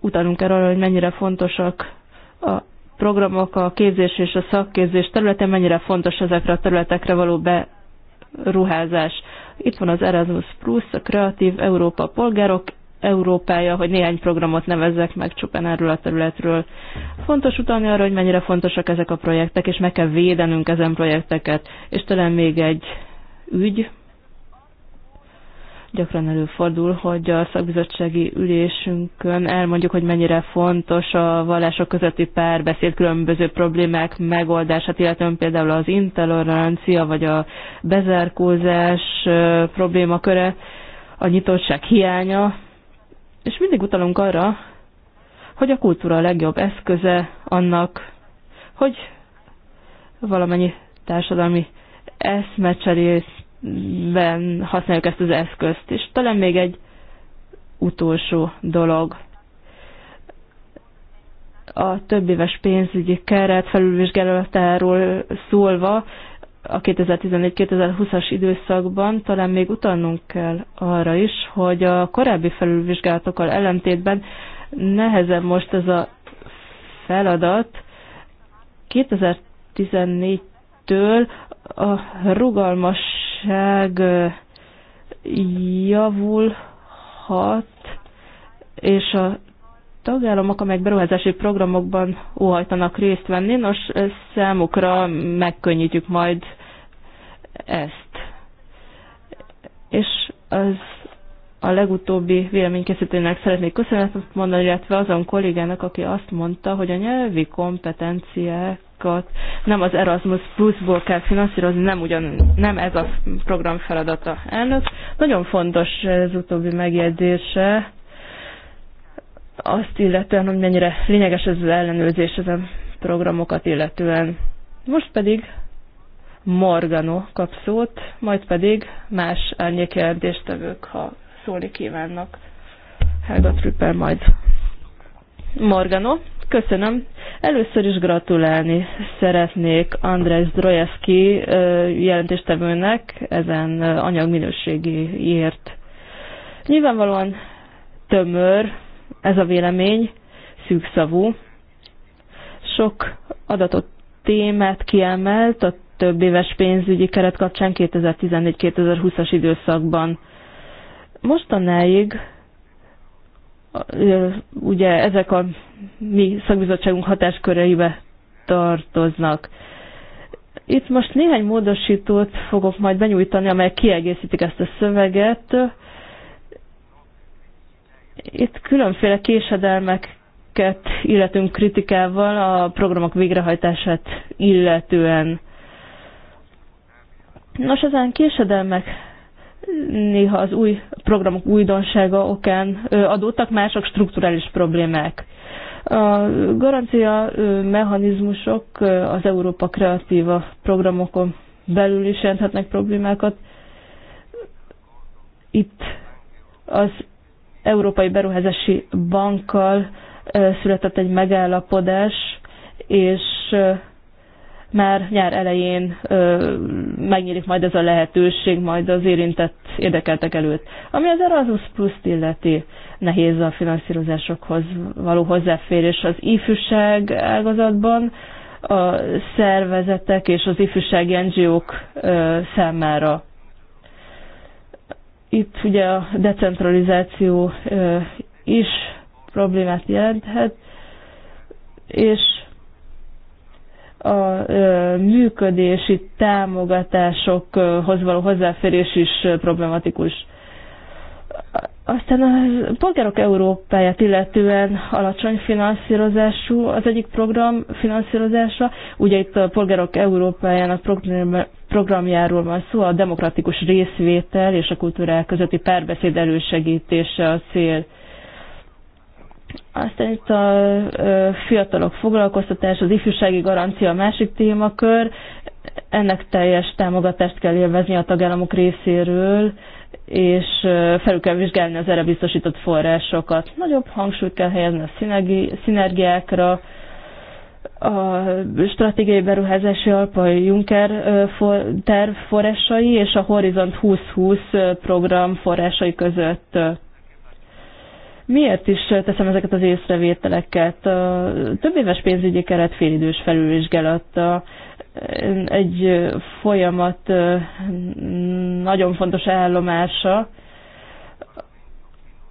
Utalunk erről arra, hogy mennyire fontosak a programok, a képzés és a szakképzés területen mennyire fontos ezekre a területekre való be ruházás. Itt van az Erasmus Plus, a Kreatív Európa polgárok Európája, hogy néhány programot nevezzek meg csupán erről a területről. Fontos utalni arra, hogy mennyire fontosak ezek a projektek, és meg kell védenünk ezen projekteket. És talán még egy ügy, gyakran előfordul, hogy a szakbizottsági ülésünkön elmondjuk, hogy mennyire fontos a vallások közötti párbeszéd különböző problémák megoldását, illetve például az intolerancia vagy a bezárkózás problémaköre, a nyitottság hiánya, és mindig utalunk arra, hogy a kultúra a legjobb eszköze annak, hogy valamennyi társadalmi eszmecserészben használjuk ezt az eszközt. És talán még egy utolsó dolog. A többéves pénzügyi keret felülvizsgálatáról szólva a 2014-2020-as időszakban talán még utalnunk kell arra is, hogy a korábbi felülvizsgálatokkal ellentétben nehezebb most ez a feladat. 2014-től a rugalmasság javulhat, és a tagállamok, amelyek beruházási programokban óhajtanak részt venni, nos számukra megkönnyítjük majd ezt. És az a legutóbbi véleménykészítőnek szeretnék köszönetet mondani, illetve azon kollégának, aki azt mondta, hogy a nyelvi kompetenciákat nem az Erasmus Plus-ból kell finanszírozni, nem, ugyan, nem ez a program feladata elnök. Nagyon fontos ez utóbbi megjegyzése, azt illetően, hogy mennyire lényeges ez az ellenőrzés ezen programokat illetően. Most pedig Morgano kap szót, majd pedig más árnyékjelentéstevők, ha szólni kívánnak. Helga Trüppel majd. Morgano, köszönöm. Először is gratulálni szeretnék Andrés Drojewski jelentéstevőnek ezen anyagminőségiért. Nyilvánvalóan tömör, ez a vélemény szűkszavú. Sok adatot témát kiemelt a több éves pénzügyi keret kapcsán 2014-2020-as időszakban. Mostanáig ugye ezek a mi szakbizottságunk hatásköreibe tartoznak. Itt most néhány módosítót fogok majd benyújtani, amelyek kiegészítik ezt a szöveget. Itt különféle késedelmeket illetünk kritikával a programok végrehajtását illetően. Nos, ezen késedelmek néha az új programok újdonsága okán adódtak mások strukturális problémák. A garancia mechanizmusok az Európa Kreatíva programokon belül is jelenthetnek problémákat. Itt az Európai Beruházási Bankkal született egy megállapodás, és már nyár elején megnyílik majd ez a lehetőség, majd az érintett érdekeltek előtt. Ami az Erasmus plus illeti nehéz a finanszírozásokhoz való hozzáférés az ifjúság ágazatban, a szervezetek és az ifjúsági NGO-k számára. Itt ugye a decentralizáció is problémát jelenthet, és a működési támogatásokhoz való hozzáférés is problematikus. Aztán a polgárok Európáját illetően alacsony finanszírozású az egyik program finanszírozása. Ugye itt a polgárok Európájának programjáról van szó, a demokratikus részvétel és a kultúrák közötti párbeszéd elősegítése a cél. Aztán itt a fiatalok foglalkoztatás, az ifjúsági garancia a másik témakör. Ennek teljes támogatást kell élvezni a tagállamok részéről és felül kell vizsgálni az erre biztosított forrásokat. Nagyobb hangsúlyt kell helyezni a szinergi, szinergiákra, a stratégiai beruházási alpa Juncker terv forrásai és a Horizont 2020 program forrásai között. Miért is teszem ezeket az észrevételeket? A több éves pénzügyi keret félidős felülvizsgálata egy folyamat nagyon fontos állomása.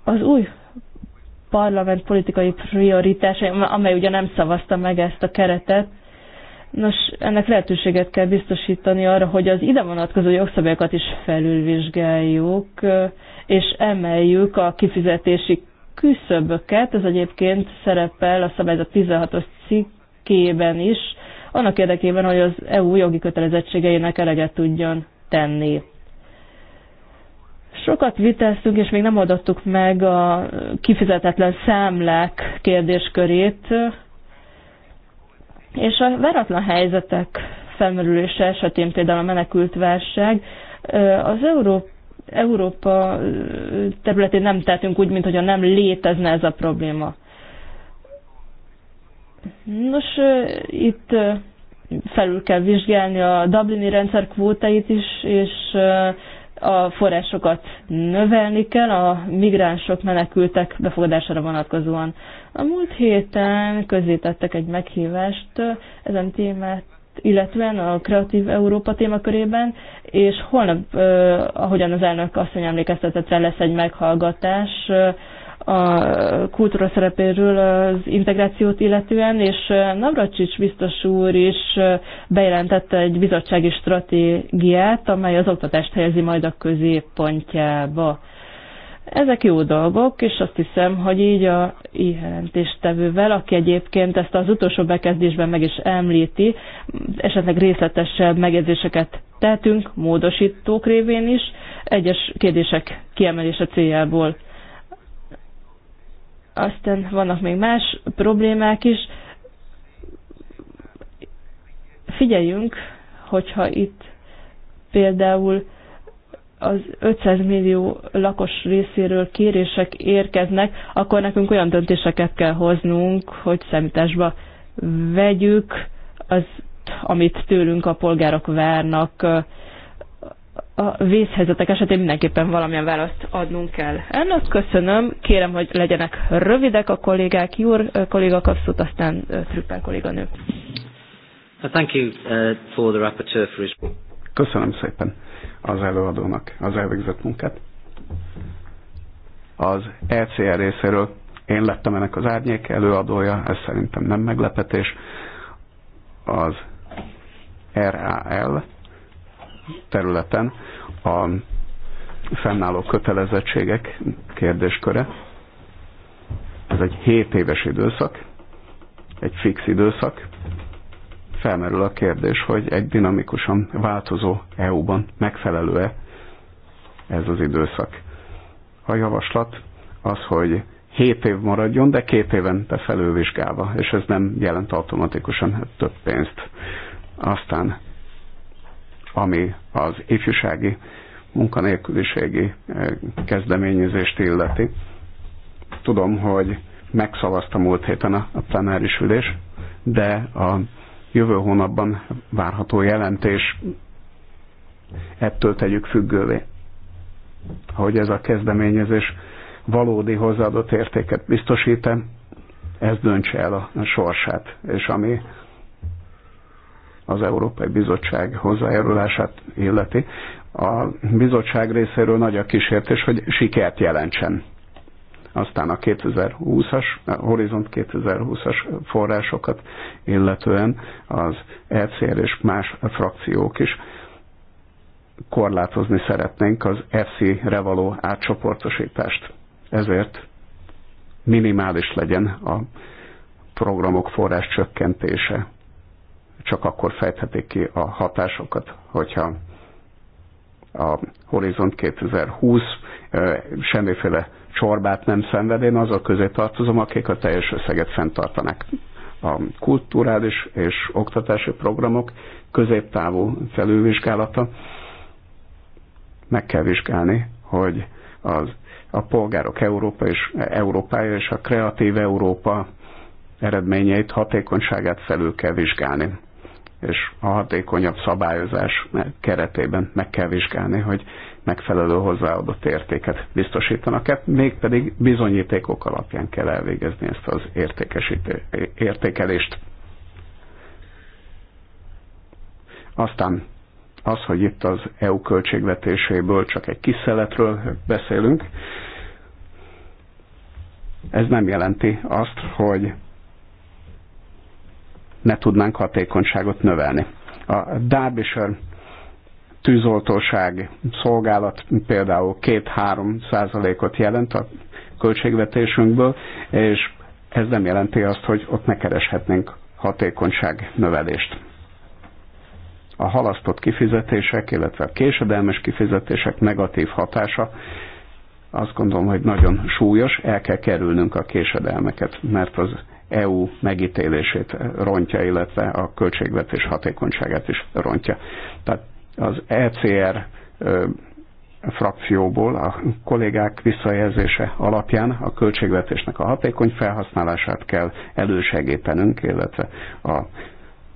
Az új parlament politikai prioritása, amely ugye nem szavazta meg ezt a keretet, Nos, ennek lehetőséget kell biztosítani arra, hogy az ide vonatkozó jogszabályokat is felülvizsgáljuk, és emeljük a kifizetési küszöböket, ez egyébként szerepel a szabályzat 16-os cikkében is, annak érdekében, hogy az EU jogi kötelezettségeinek eleget tudjon tenni. Sokat viteztünk, és még nem adottuk meg a kifizetetlen számlák kérdéskörét, és a váratlan helyzetek felmerülése esetén, például a menekült válság, az Európa Európa területén nem tettünk úgy, mintha nem létezne ez a probléma. Nos, itt felül kell vizsgálni a Dublini rendszer kvótait is, és a forrásokat növelni kell a migránsok menekültek befogadására vonatkozóan. A múlt héten tettek egy meghívást ezen témát illetően a Kreatív Európa témakörében, és holnap, ahogyan az elnök asszony emlékeztetett rá, lesz egy meghallgatás a kultúra szerepéről az integrációt illetően, és Navracsics biztos úr is bejelentette egy bizottsági stratégiát, amely az oktatást helyezi majd a középpontjába. Ezek jó dolgok, és azt hiszem, hogy így a jelentéstevővel, aki egyébként ezt az utolsó bekezdésben meg is említi, esetleg részletesebb megjegyzéseket tehetünk, módosítók révén is, egyes kérdések kiemelése céljából. Aztán vannak még más problémák is. Figyeljünk, hogyha itt például az 500 millió lakos részéről kérések érkeznek, akkor nekünk olyan döntéseket kell hoznunk, hogy számításba vegyük az, amit tőlünk a polgárok várnak, a vészhelyzetek esetén mindenképpen valamilyen választ adnunk kell. Ennek köszönöm, kérem, hogy legyenek rövidek a kollégák, Júr kolléga kapszót, aztán Trüppel kolléganő. Uh, thank you uh, for the rapporteur for his... Köszönöm szépen az előadónak az elvégzett munkát. Az ECR részéről én lettem ennek az árnyék előadója, ez szerintem nem meglepetés. Az RAL területen a fennálló kötelezettségek kérdésköre. Ez egy 7 éves időszak, egy fix időszak. Felmerül a kérdés, hogy egy dinamikusan változó EU-ban megfelelő-e ez az időszak. A javaslat az, hogy 7 év maradjon, de két évente felülvizsgálva, és ez nem jelent automatikusan több pénzt. Aztán ami az ifjúsági munkanélküliségi eh, kezdeményezést illeti. Tudom, hogy megszavazta múlt héten a plenáris ülés, de a jövő hónapban várható jelentés ettől tegyük függővé, hogy ez a kezdeményezés valódi hozzáadott értéket biztosít ez döntse el a sorsát, és ami az Európai Bizottság hozzájárulását illeti. A bizottság részéről nagy a kísértés, hogy sikert jelentsen. Aztán a 2020-as, a Horizont 2020-as forrásokat, illetően az ECR és más frakciók is korlátozni szeretnénk az FC-re e való átcsoportosítást. Ezért minimális legyen a programok forrás csökkentése csak akkor fejthetik ki a hatásokat, hogyha a Horizont 2020 semmiféle csorbát nem szenved, én azok közé tartozom, akik a teljes összeget fenntartanak. A kulturális és oktatási programok középtávú felülvizsgálata meg kell vizsgálni, hogy az, a polgárok Európa és Európája és a kreatív Európa eredményeit, hatékonyságát felül kell vizsgálni és a hatékonyabb szabályozás keretében meg kell vizsgálni, hogy megfelelő hozzáadott értéket biztosítanak-e, hát mégpedig bizonyítékok alapján kell elvégezni ezt az értékelést. Aztán az, hogy itt az EU költségvetéséből csak egy kis szeletről beszélünk, ez nem jelenti azt, hogy ne tudnánk hatékonyságot növelni. A Derbyshire tűzoltóság szolgálat például 2-3 százalékot jelent a költségvetésünkből, és ez nem jelenti azt, hogy ott ne kereshetnénk hatékonyság növelést. A halasztott kifizetések, illetve a késedelmes kifizetések negatív hatása azt gondolom, hogy nagyon súlyos, el kell kerülnünk a késedelmeket, mert az EU megítélését rontja, illetve a költségvetés hatékonyságát is rontja. Tehát az ECR frakcióból a kollégák visszajelzése alapján a költségvetésnek a hatékony felhasználását kell elősegítenünk, illetve a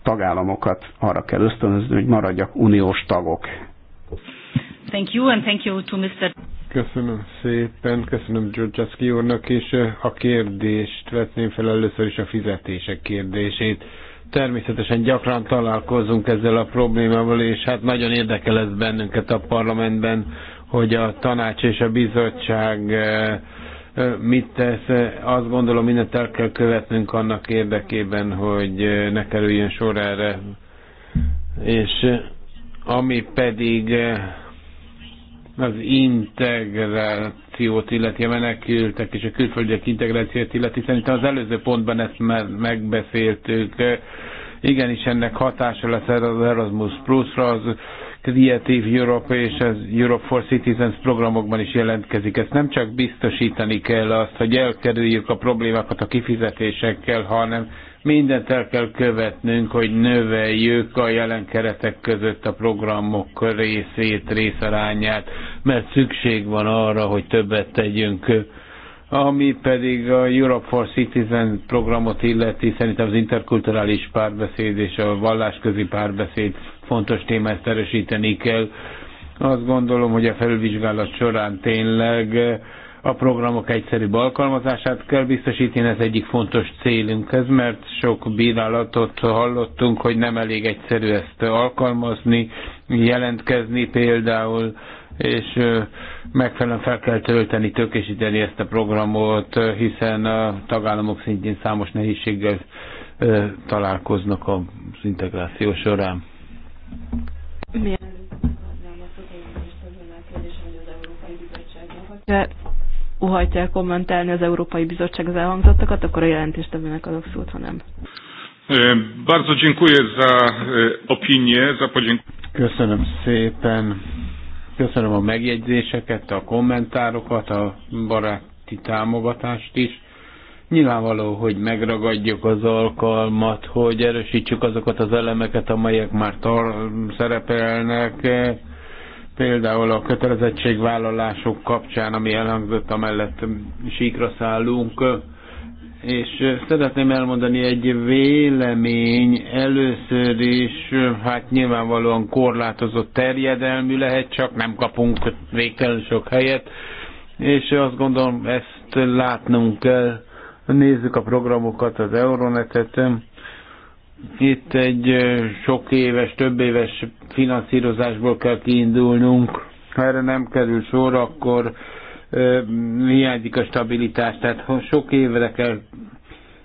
tagállamokat arra kell ösztönözni, hogy maradjak uniós tagok. Thank you and thank you to Mr. Köszönöm szépen, köszönöm Gyurcsaszki úrnak, és a kérdést vetném fel először is a fizetések kérdését. Természetesen gyakran találkozunk ezzel a problémával, és hát nagyon érdekel ez bennünket a parlamentben, hogy a tanács és a bizottság mit tesz. Azt gondolom, mindent el kell követnünk annak érdekében, hogy ne kerüljön sor erre. És ami pedig az integrációt illeti, a menekültek és a külföldiek integrációt illeti. Szerintem az előző pontban ezt már megbeszéltük. Igenis ennek hatása lesz az Erasmus Plus-ra, az Creative Europe és az Europe for Citizens programokban is jelentkezik. Ezt nem csak biztosítani kell azt, hogy elkerüljük a problémákat a kifizetésekkel, hanem Mindent el kell követnünk, hogy növeljük a jelen keretek között a programok részét, részarányát, mert szükség van arra, hogy többet tegyünk ami pedig a Europe for Citizen programot illeti, szerintem az interkulturális párbeszéd és a vallásközi párbeszéd fontos témát erősíteni kell. Azt gondolom, hogy a felülvizsgálat során tényleg a programok egyszerűbb alkalmazását kell biztosítani, ez egyik fontos célunk ez, mert sok bírálatot hallottunk, hogy nem elég egyszerű ezt alkalmazni, jelentkezni például, és megfelelően fel kell tölteni, tökésíteni ezt a programot, hiszen a tagállamok szintén számos nehézséggel találkoznak az integráció során. Milyen? óhajtja kommentálni az Európai Bizottság az elhangzottakat, akkor a jelentéstevőnek adok szót, ha nem. Bardzo dziękuję za e, opinię, za Köszönöm szépen. Köszönöm a megjegyzéseket, a kommentárokat, a baráti támogatást is. Nyilvánvaló, hogy megragadjuk az alkalmat, hogy erősítsük azokat az elemeket, amelyek már tar- szerepelnek Például a kötelezettségvállalások kapcsán, ami elhangzott, amellett síkra szállunk, és szeretném elmondani egy vélemény először is, hát nyilvánvalóan korlátozott terjedelmű lehet, csak nem kapunk végtelen sok helyet, és azt gondolom ezt látnunk kell. Nézzük a programokat, az Euronetet, itt egy sok éves, több éves finanszírozásból kell kiindulnunk. Ha erre nem kerül sor, akkor hiányzik a stabilitás. Tehát sok évre kell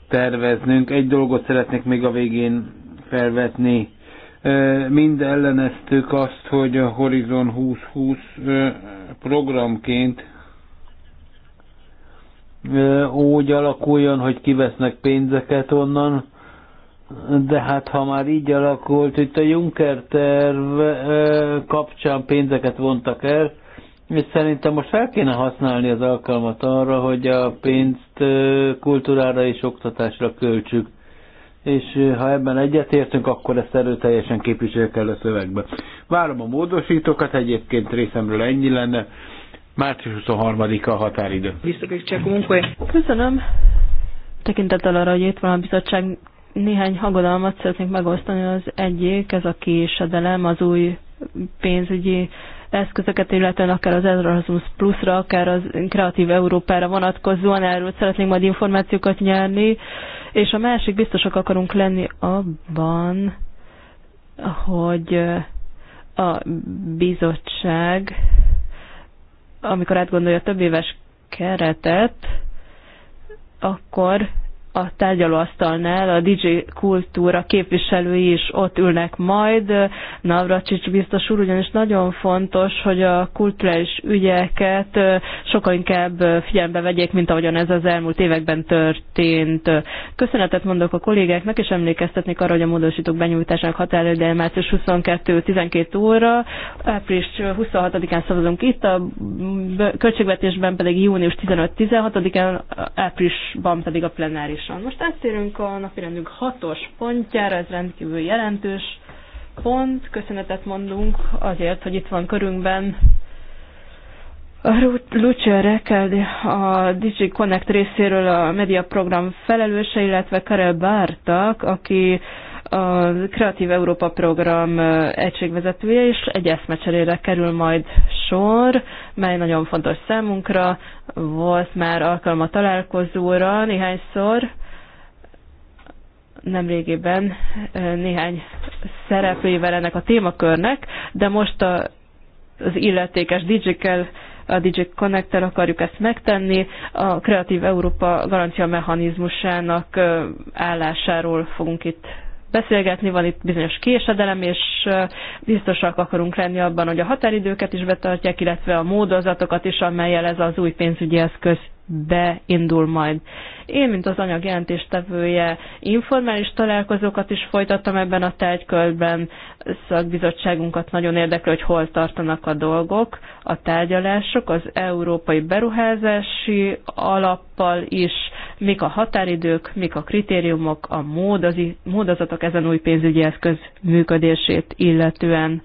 terveznünk. Egy dolgot szeretnék még a végén felvetni. Mind elleneztük azt, hogy a Horizon 2020 programként úgy alakuljon, hogy kivesznek pénzeket onnan, de hát ha már így alakult, itt a Juncker terv kapcsán pénzeket vontak el, és szerintem most fel kéne használni az alkalmat arra, hogy a pénzt kultúrára és oktatásra költsük. És ha ebben egyetértünk, akkor ezt erőteljesen képviseljük el a szövegbe. Várom a módosítókat, egyébként részemről ennyi lenne. Március 23-a a határidő. Köszönöm. Tekintettel arra, hogy itt van a bizottság néhány hagodalmat szeretnék megosztani. Az egyik, ez a késedelem az új pénzügyi eszközöket, illetően akár az Erasmus Plus-ra, akár az Kreatív Európára vonatkozóan, erről szeretnénk majd információkat nyerni, és a másik biztosak akarunk lenni abban, hogy a bizottság, amikor átgondolja több éves keretet, akkor a tárgyalóasztalnál a DJ kultúra képviselői is ott ülnek majd. Navracsics biztos úr ugyanis nagyon fontos, hogy a kulturális ügyeket sokkal inkább figyelembe vegyék, mint ahogyan ez az elmúlt években történt. Köszönetet mondok a kollégáknak, és emlékeztetnék arra, hogy a módosítók benyújtásának határideje március 22-12 óra, április 26-án szavazunk itt, a költségvetésben pedig június 15-16-án, áprilisban pedig a plenáris globálisan. Most áttérünk a napirendünk hatos pontjára, ez rendkívül jelentős pont. Köszönetet mondunk azért, hogy itt van körünkben Lucia Rekeld a Digi Connect részéről a médiaprogram felelőse, illetve Karel Bártak, aki a Kreatív Európa program egységvezetője, és egy eszmecserére kerül majd sor, mely nagyon fontos számunkra. Volt már alkalma találkozóra néhányszor, nemrégében néhány szereplővel ennek a témakörnek, de most a, az illetékes dj a DJ connect akarjuk ezt megtenni, a Kreatív Európa garancia mechanizmusának állásáról fogunk itt beszélgetni, van itt bizonyos késedelem, és biztosak akarunk lenni abban, hogy a határidőket is betartják, illetve a módozatokat is, amelyel ez az új pénzügyi eszköz beindul majd. Én, mint az anyag jelentéstevője, informális találkozókat is folytattam ebben a tárgykörben. Szakbizottságunkat nagyon érdekel, hogy hol tartanak a dolgok, a tárgyalások, az európai beruházási alappal is, mik a határidők, mik a kritériumok, a módozatok ezen új pénzügyi eszköz működését illetően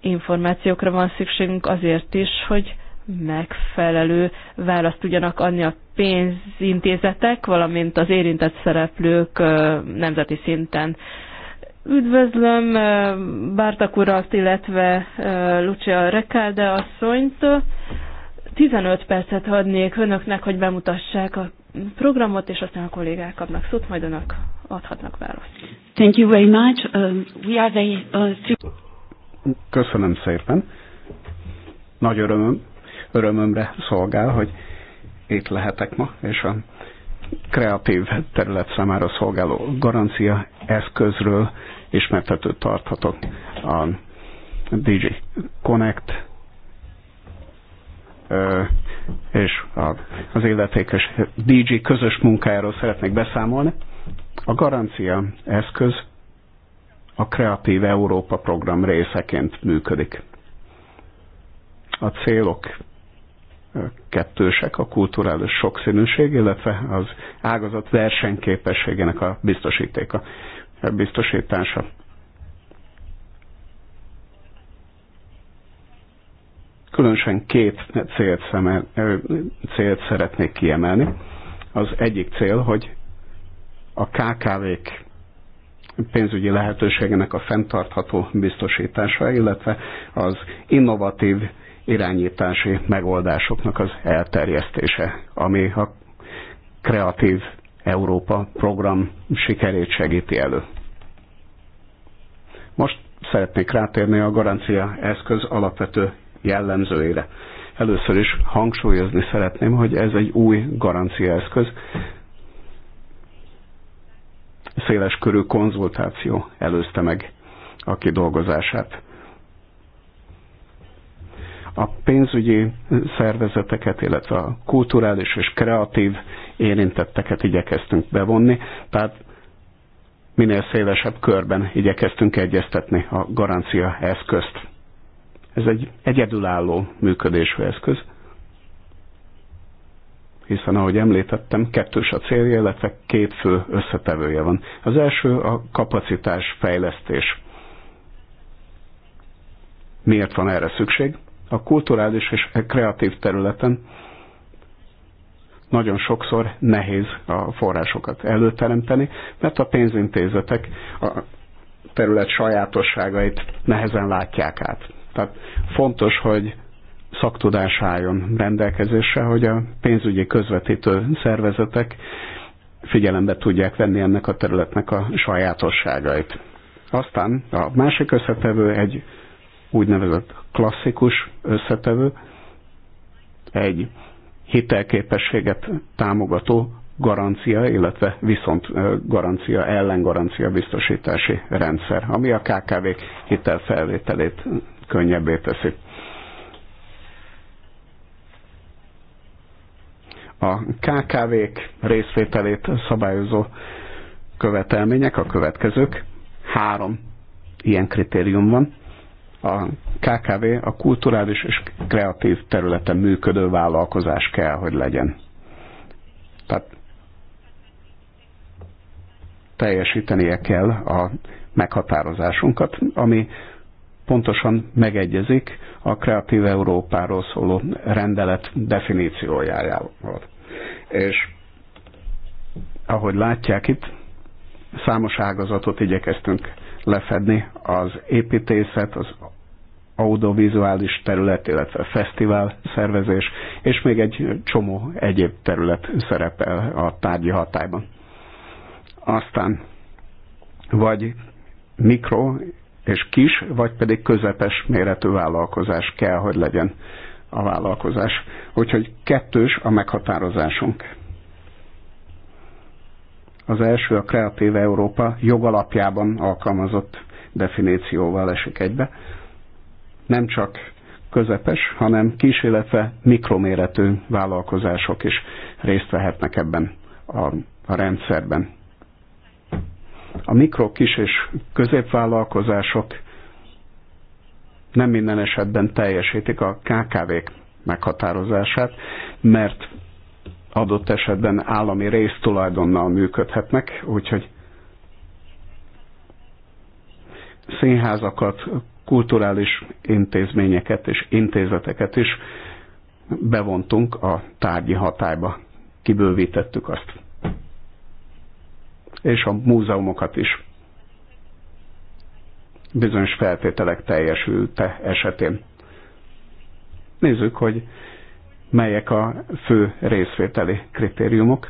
információkra van szükségünk azért is, hogy megfelelő választ tudjanak adni a pénzintézetek, valamint az érintett szereplők nemzeti szinten. Üdvözlöm Bártak urat, illetve Lucia Rekáde asszonyt. 15 percet adnék önöknek, hogy bemutassák a programot, és aztán a kollégák kapnak szót, majd önök adhatnak választ. Thank you very much. Um, we are the, uh, Köszönöm szépen. Nagy örömöm, örömömre szolgál, hogy itt lehetek ma, és a kreatív terület számára szolgáló garancia eszközről ismertetőt tarthatok a DJ Connect és az életékes DJ közös munkájáról szeretnék beszámolni. A garancia eszköz a Kreatív Európa program részeként működik. A célok kettősek a kulturális sokszínűség, illetve az ágazat versenyképességének a biztosítéka, a biztosítása. Különösen két célt, szemel, célt szeretnék kiemelni. Az egyik cél, hogy a KKV-k pénzügyi lehetőségének a fenntartható biztosítása, illetve az innovatív irányítási megoldásoknak az elterjesztése, ami a Kreatív Európa program sikerét segíti elő. Most szeretnék rátérni a garancia eszköz alapvető jellemzőire. Először is hangsúlyozni szeretném, hogy ez egy új garancia eszköz, széles körű konzultáció előzte meg a kidolgozását a pénzügyi szervezeteket, illetve a kulturális és kreatív érintetteket igyekeztünk bevonni, tehát minél szélesebb körben igyekeztünk egyeztetni a garancia eszközt. Ez egy egyedülálló működésű eszköz, hiszen ahogy említettem, kettős a célja, illetve két fő összetevője van. Az első a kapacitás fejlesztés. Miért van erre szükség? a kulturális és kreatív területen nagyon sokszor nehéz a forrásokat előteremteni, mert a pénzintézetek a terület sajátosságait nehezen látják át. Tehát fontos, hogy szaktudás álljon rendelkezésre, hogy a pénzügyi közvetítő szervezetek figyelembe tudják venni ennek a területnek a sajátosságait. Aztán a másik összetevő egy úgynevezett klasszikus összetevő, egy hitelképességet támogató garancia, illetve viszont garancia, ellengarancia biztosítási rendszer, ami a kkv hitelfelvételét könnyebbé teszi. A KKV-k részvételét szabályozó követelmények a következők. Három ilyen kritérium van a KKV a kulturális és kreatív területen működő vállalkozás kell, hogy legyen. Tehát teljesítenie kell a meghatározásunkat, ami pontosan megegyezik a Kreatív Európáról szóló rendelet definíciójájával. És ahogy látják itt, számos ágazatot igyekeztünk lefedni az építészet, az audiovizuális terület, illetve fesztivál szervezés, és még egy csomó egyéb terület szerepel a tárgyi hatályban. Aztán vagy mikro és kis, vagy pedig közepes méretű vállalkozás kell, hogy legyen a vállalkozás. Úgyhogy kettős a meghatározásunk. Az első a Kreatív Európa jogalapjában alkalmazott definícióval esik egybe. Nem csak közepes, hanem kis, illetve mikroméretű vállalkozások is részt vehetnek ebben a, a rendszerben. A mikro, kis és középvállalkozások nem minden esetben teljesítik a KKV-k meghatározását, mert adott esetben állami résztulajdonnal működhetnek, úgyhogy színházakat, kulturális intézményeket és intézeteket is bevontunk a tárgyi hatályba. Kibővítettük azt. És a múzeumokat is. Bizonyos feltételek teljesülte esetén. Nézzük, hogy melyek a fő részvételi kritériumok.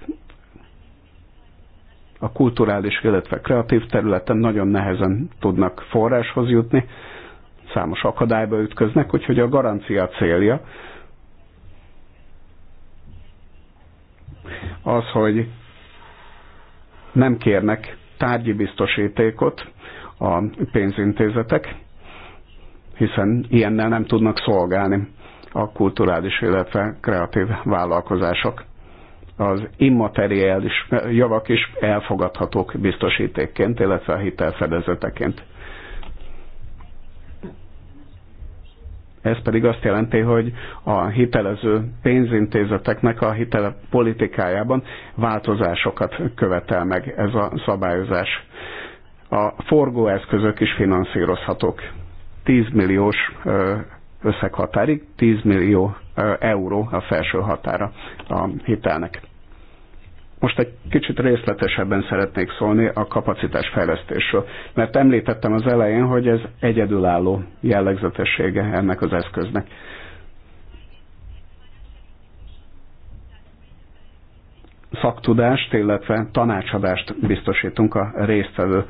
A kulturális, illetve kreatív területen nagyon nehezen tudnak forráshoz jutni, számos akadályba ütköznek, úgyhogy a garancia célja az, hogy nem kérnek tárgyi biztosítékot a pénzintézetek, hiszen ilyennel nem tudnak szolgálni a kulturális, illetve kreatív vállalkozások. Az immateriális javak is elfogadhatók biztosítékként, illetve a hitelfedezeteként. Ez pedig azt jelenti, hogy a hitelező pénzintézeteknek a hitele politikájában változásokat követel meg ez a szabályozás. A forgóeszközök is finanszírozhatók. 10 milliós összeghatárig 10 millió euró a felső határa a hitelnek. Most egy kicsit részletesebben szeretnék szólni a kapacitásfejlesztésről, mert említettem az elején, hogy ez egyedülálló jellegzetessége ennek az eszköznek. Szaktudást, illetve tanácsadást biztosítunk a résztvevő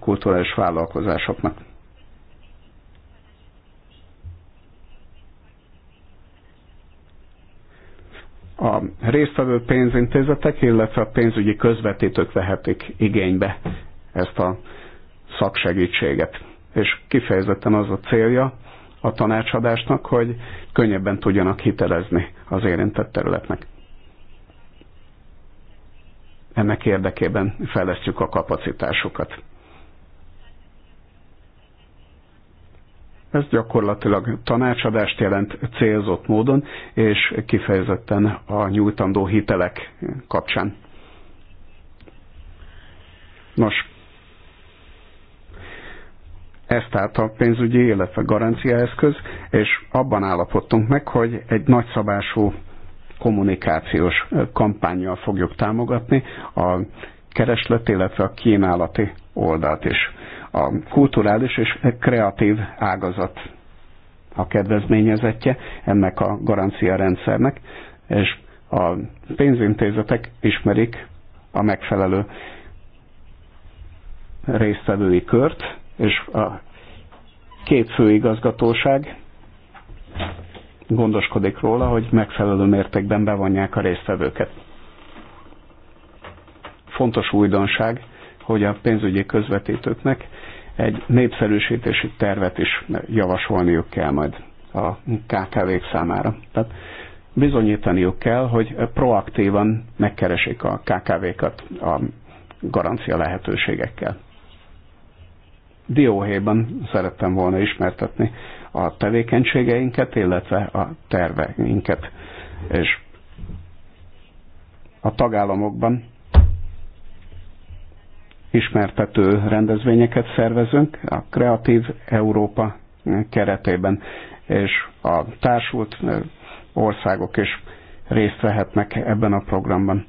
kulturális vállalkozásoknak a résztvevő pénzintézetek, illetve a pénzügyi közvetítők vehetik igénybe ezt a szaksegítséget. És kifejezetten az a célja a tanácsadásnak, hogy könnyebben tudjanak hitelezni az érintett területnek. Ennek érdekében fejlesztjük a kapacitásukat. Ez gyakorlatilag tanácsadást jelent célzott módon, és kifejezetten a nyújtandó hitelek kapcsán. Nos, ez tehát a pénzügyi, illetve garanciaeszköz, és abban állapodtunk meg, hogy egy nagyszabású kommunikációs kampányjal fogjuk támogatni a kereslet, illetve a kínálati oldalt is a kulturális és kreatív ágazat a kedvezményezetje ennek a garancia rendszernek, és a pénzintézetek ismerik a megfelelő résztvevői kört, és a két főigazgatóság gondoskodik róla, hogy megfelelő mértékben bevonják a résztvevőket. Fontos újdonság hogy a pénzügyi közvetítőknek egy népszerűsítési tervet is javasolniuk kell majd a KKV-k számára. Tehát bizonyítaniuk kell, hogy proaktívan megkeresik a KKV-kat a garancia lehetőségekkel. Dióhéjban szerettem volna ismertetni a tevékenységeinket, illetve a terveinket, és a tagállamokban ismertető rendezvényeket szervezünk a Kreatív Európa keretében, és a társult országok is részt vehetnek ebben a programban.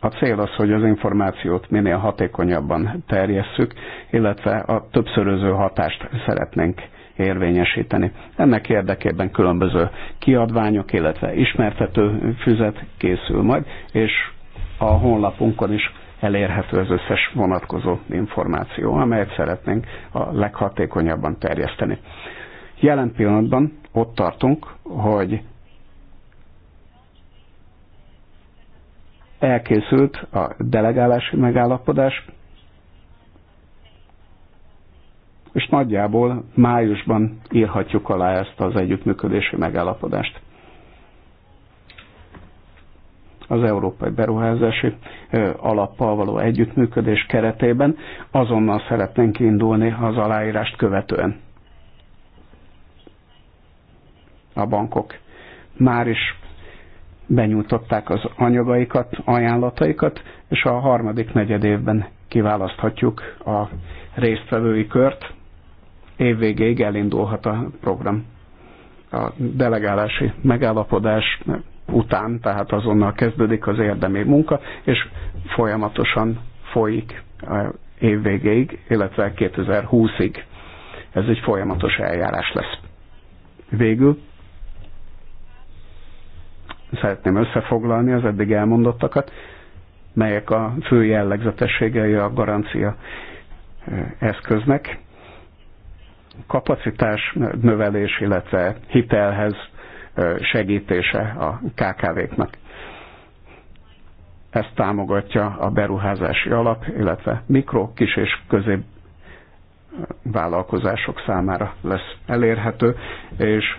A cél az, hogy az információt minél hatékonyabban terjesszük, illetve a többszöröző hatást szeretnénk érvényesíteni. Ennek érdekében különböző kiadványok, illetve ismertető füzet készül majd, és a honlapunkon is elérhető az összes vonatkozó információ, amelyet szeretnénk a leghatékonyabban terjeszteni. Jelen pillanatban ott tartunk, hogy elkészült a delegálási megállapodás, és nagyjából májusban írhatjuk alá ezt az együttműködési megállapodást az Európai Beruházási Alappal való együttműködés keretében. Azonnal szeretnénk indulni az aláírást követően. A bankok már is benyújtották az anyagaikat, ajánlataikat, és a harmadik negyed évben kiválaszthatjuk a résztvevői kört. Évvégéig elindulhat a program. A delegálási megállapodás után, tehát azonnal kezdődik az érdemi munka, és folyamatosan folyik évvégéig, illetve 2020-ig. Ez egy folyamatos eljárás lesz. Végül szeretném összefoglalni az eddig elmondottakat, melyek a fő jellegzetességei a garancia eszköznek. Kapacitás növelés, illetve hitelhez segítése a KKV-knak. Ezt támogatja a beruházási alap, illetve mikro, kis és közép vállalkozások számára lesz elérhető, és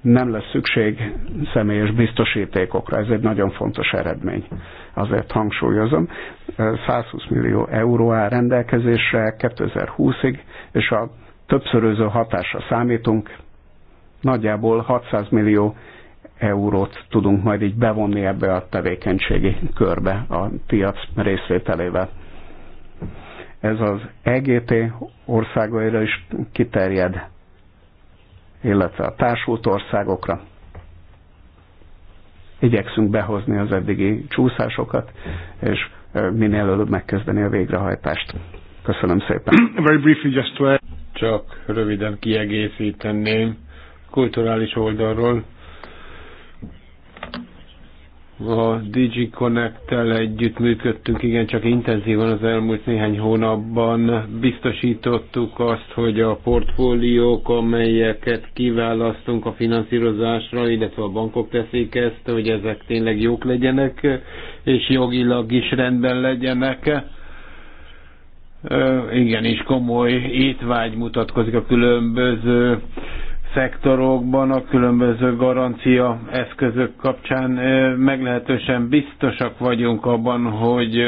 nem lesz szükség személyes biztosítékokra. Ez egy nagyon fontos eredmény. Azért hangsúlyozom. 120 millió euró áll rendelkezésre 2020-ig, és a többszöröző hatásra számítunk, nagyjából 600 millió eurót tudunk majd így bevonni ebbe a tevékenységi körbe a piac részvételével. Ez az EGT országaira is kiterjed, illetve a társult országokra. Igyekszünk behozni az eddigi csúszásokat, és minél előbb megkezdeni a végrehajtást. Köszönöm szépen. Very briefly just to... Csak röviden kiegészíteném kulturális oldalról. A DigiConnect-tel együtt működtünk, igen, csak intenzívan az elmúlt néhány hónapban. Biztosítottuk azt, hogy a portfóliók, amelyeket kiválasztunk a finanszírozásra, illetve a bankok teszik ezt, hogy ezek tényleg jók legyenek, és jogilag is rendben legyenek. Igen, és komoly étvágy mutatkozik a különböző szektorokban a különböző garancia eszközök kapcsán meglehetősen biztosak vagyunk abban, hogy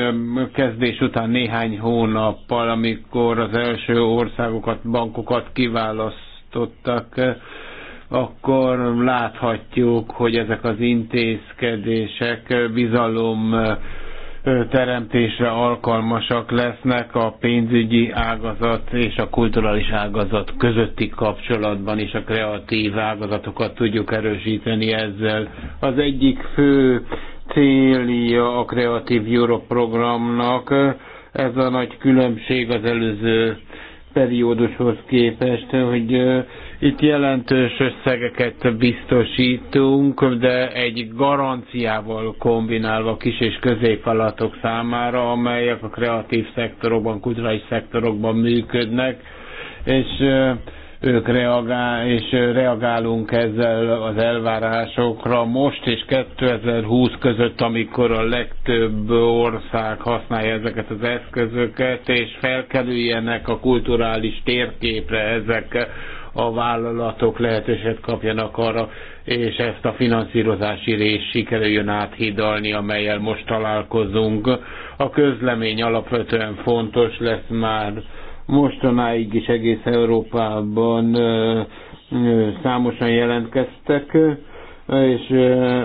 kezdés után néhány hónappal, amikor az első országokat, bankokat kiválasztottak, akkor láthatjuk, hogy ezek az intézkedések bizalom teremtésre alkalmasak lesznek a pénzügyi ágazat és a kulturális ágazat közötti kapcsolatban, és a kreatív ágazatokat tudjuk erősíteni ezzel. Az egyik fő célja a Kreatív Europe programnak, ez a nagy különbség az előző periódushoz képest, hogy itt jelentős összegeket biztosítunk, de egy garanciával kombinálva kis és középvállalatok számára, amelyek a kreatív szektorokban, kulturális szektorokban működnek, és ők reagál, és reagálunk ezzel az elvárásokra most és 2020 között, amikor a legtöbb ország használja ezeket az eszközöket, és felkerüljenek a kulturális térképre ezek a vállalatok lehetőséget kapjanak arra, és ezt a finanszírozási részt sikerüljön áthidalni, amelyel most találkozunk. A közlemény alapvetően fontos lesz már mostanáig is egész Európában számosan jelentkeztek és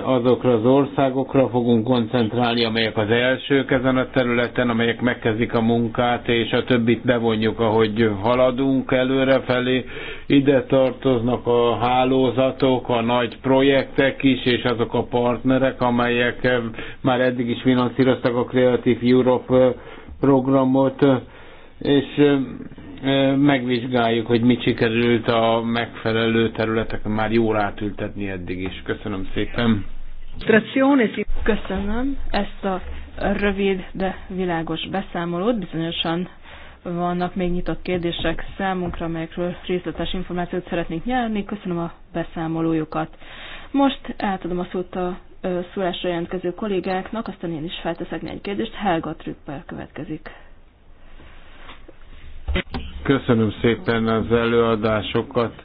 azokra az országokra fogunk koncentrálni, amelyek az elsők ezen a területen, amelyek megkezdik a munkát, és a többit bevonjuk, ahogy haladunk előrefelé. Ide tartoznak a hálózatok, a nagy projektek is, és azok a partnerek, amelyek már eddig is finanszíroztak a Creative Europe programot, és megvizsgáljuk, hogy mit sikerült a megfelelő területeken már jól átültetni eddig is. Köszönöm szépen. Köszönöm ezt a rövid, de világos beszámolót. Bizonyosan vannak még nyitott kérdések számunkra, amelyekről részletes információt szeretnénk nyerni. Köszönöm a beszámolójukat. Most átadom a szót a szólásra jelentkező kollégáknak, aztán én is felteszek négy kérdést. Helga Trüppel következik. Köszönöm szépen az előadásokat.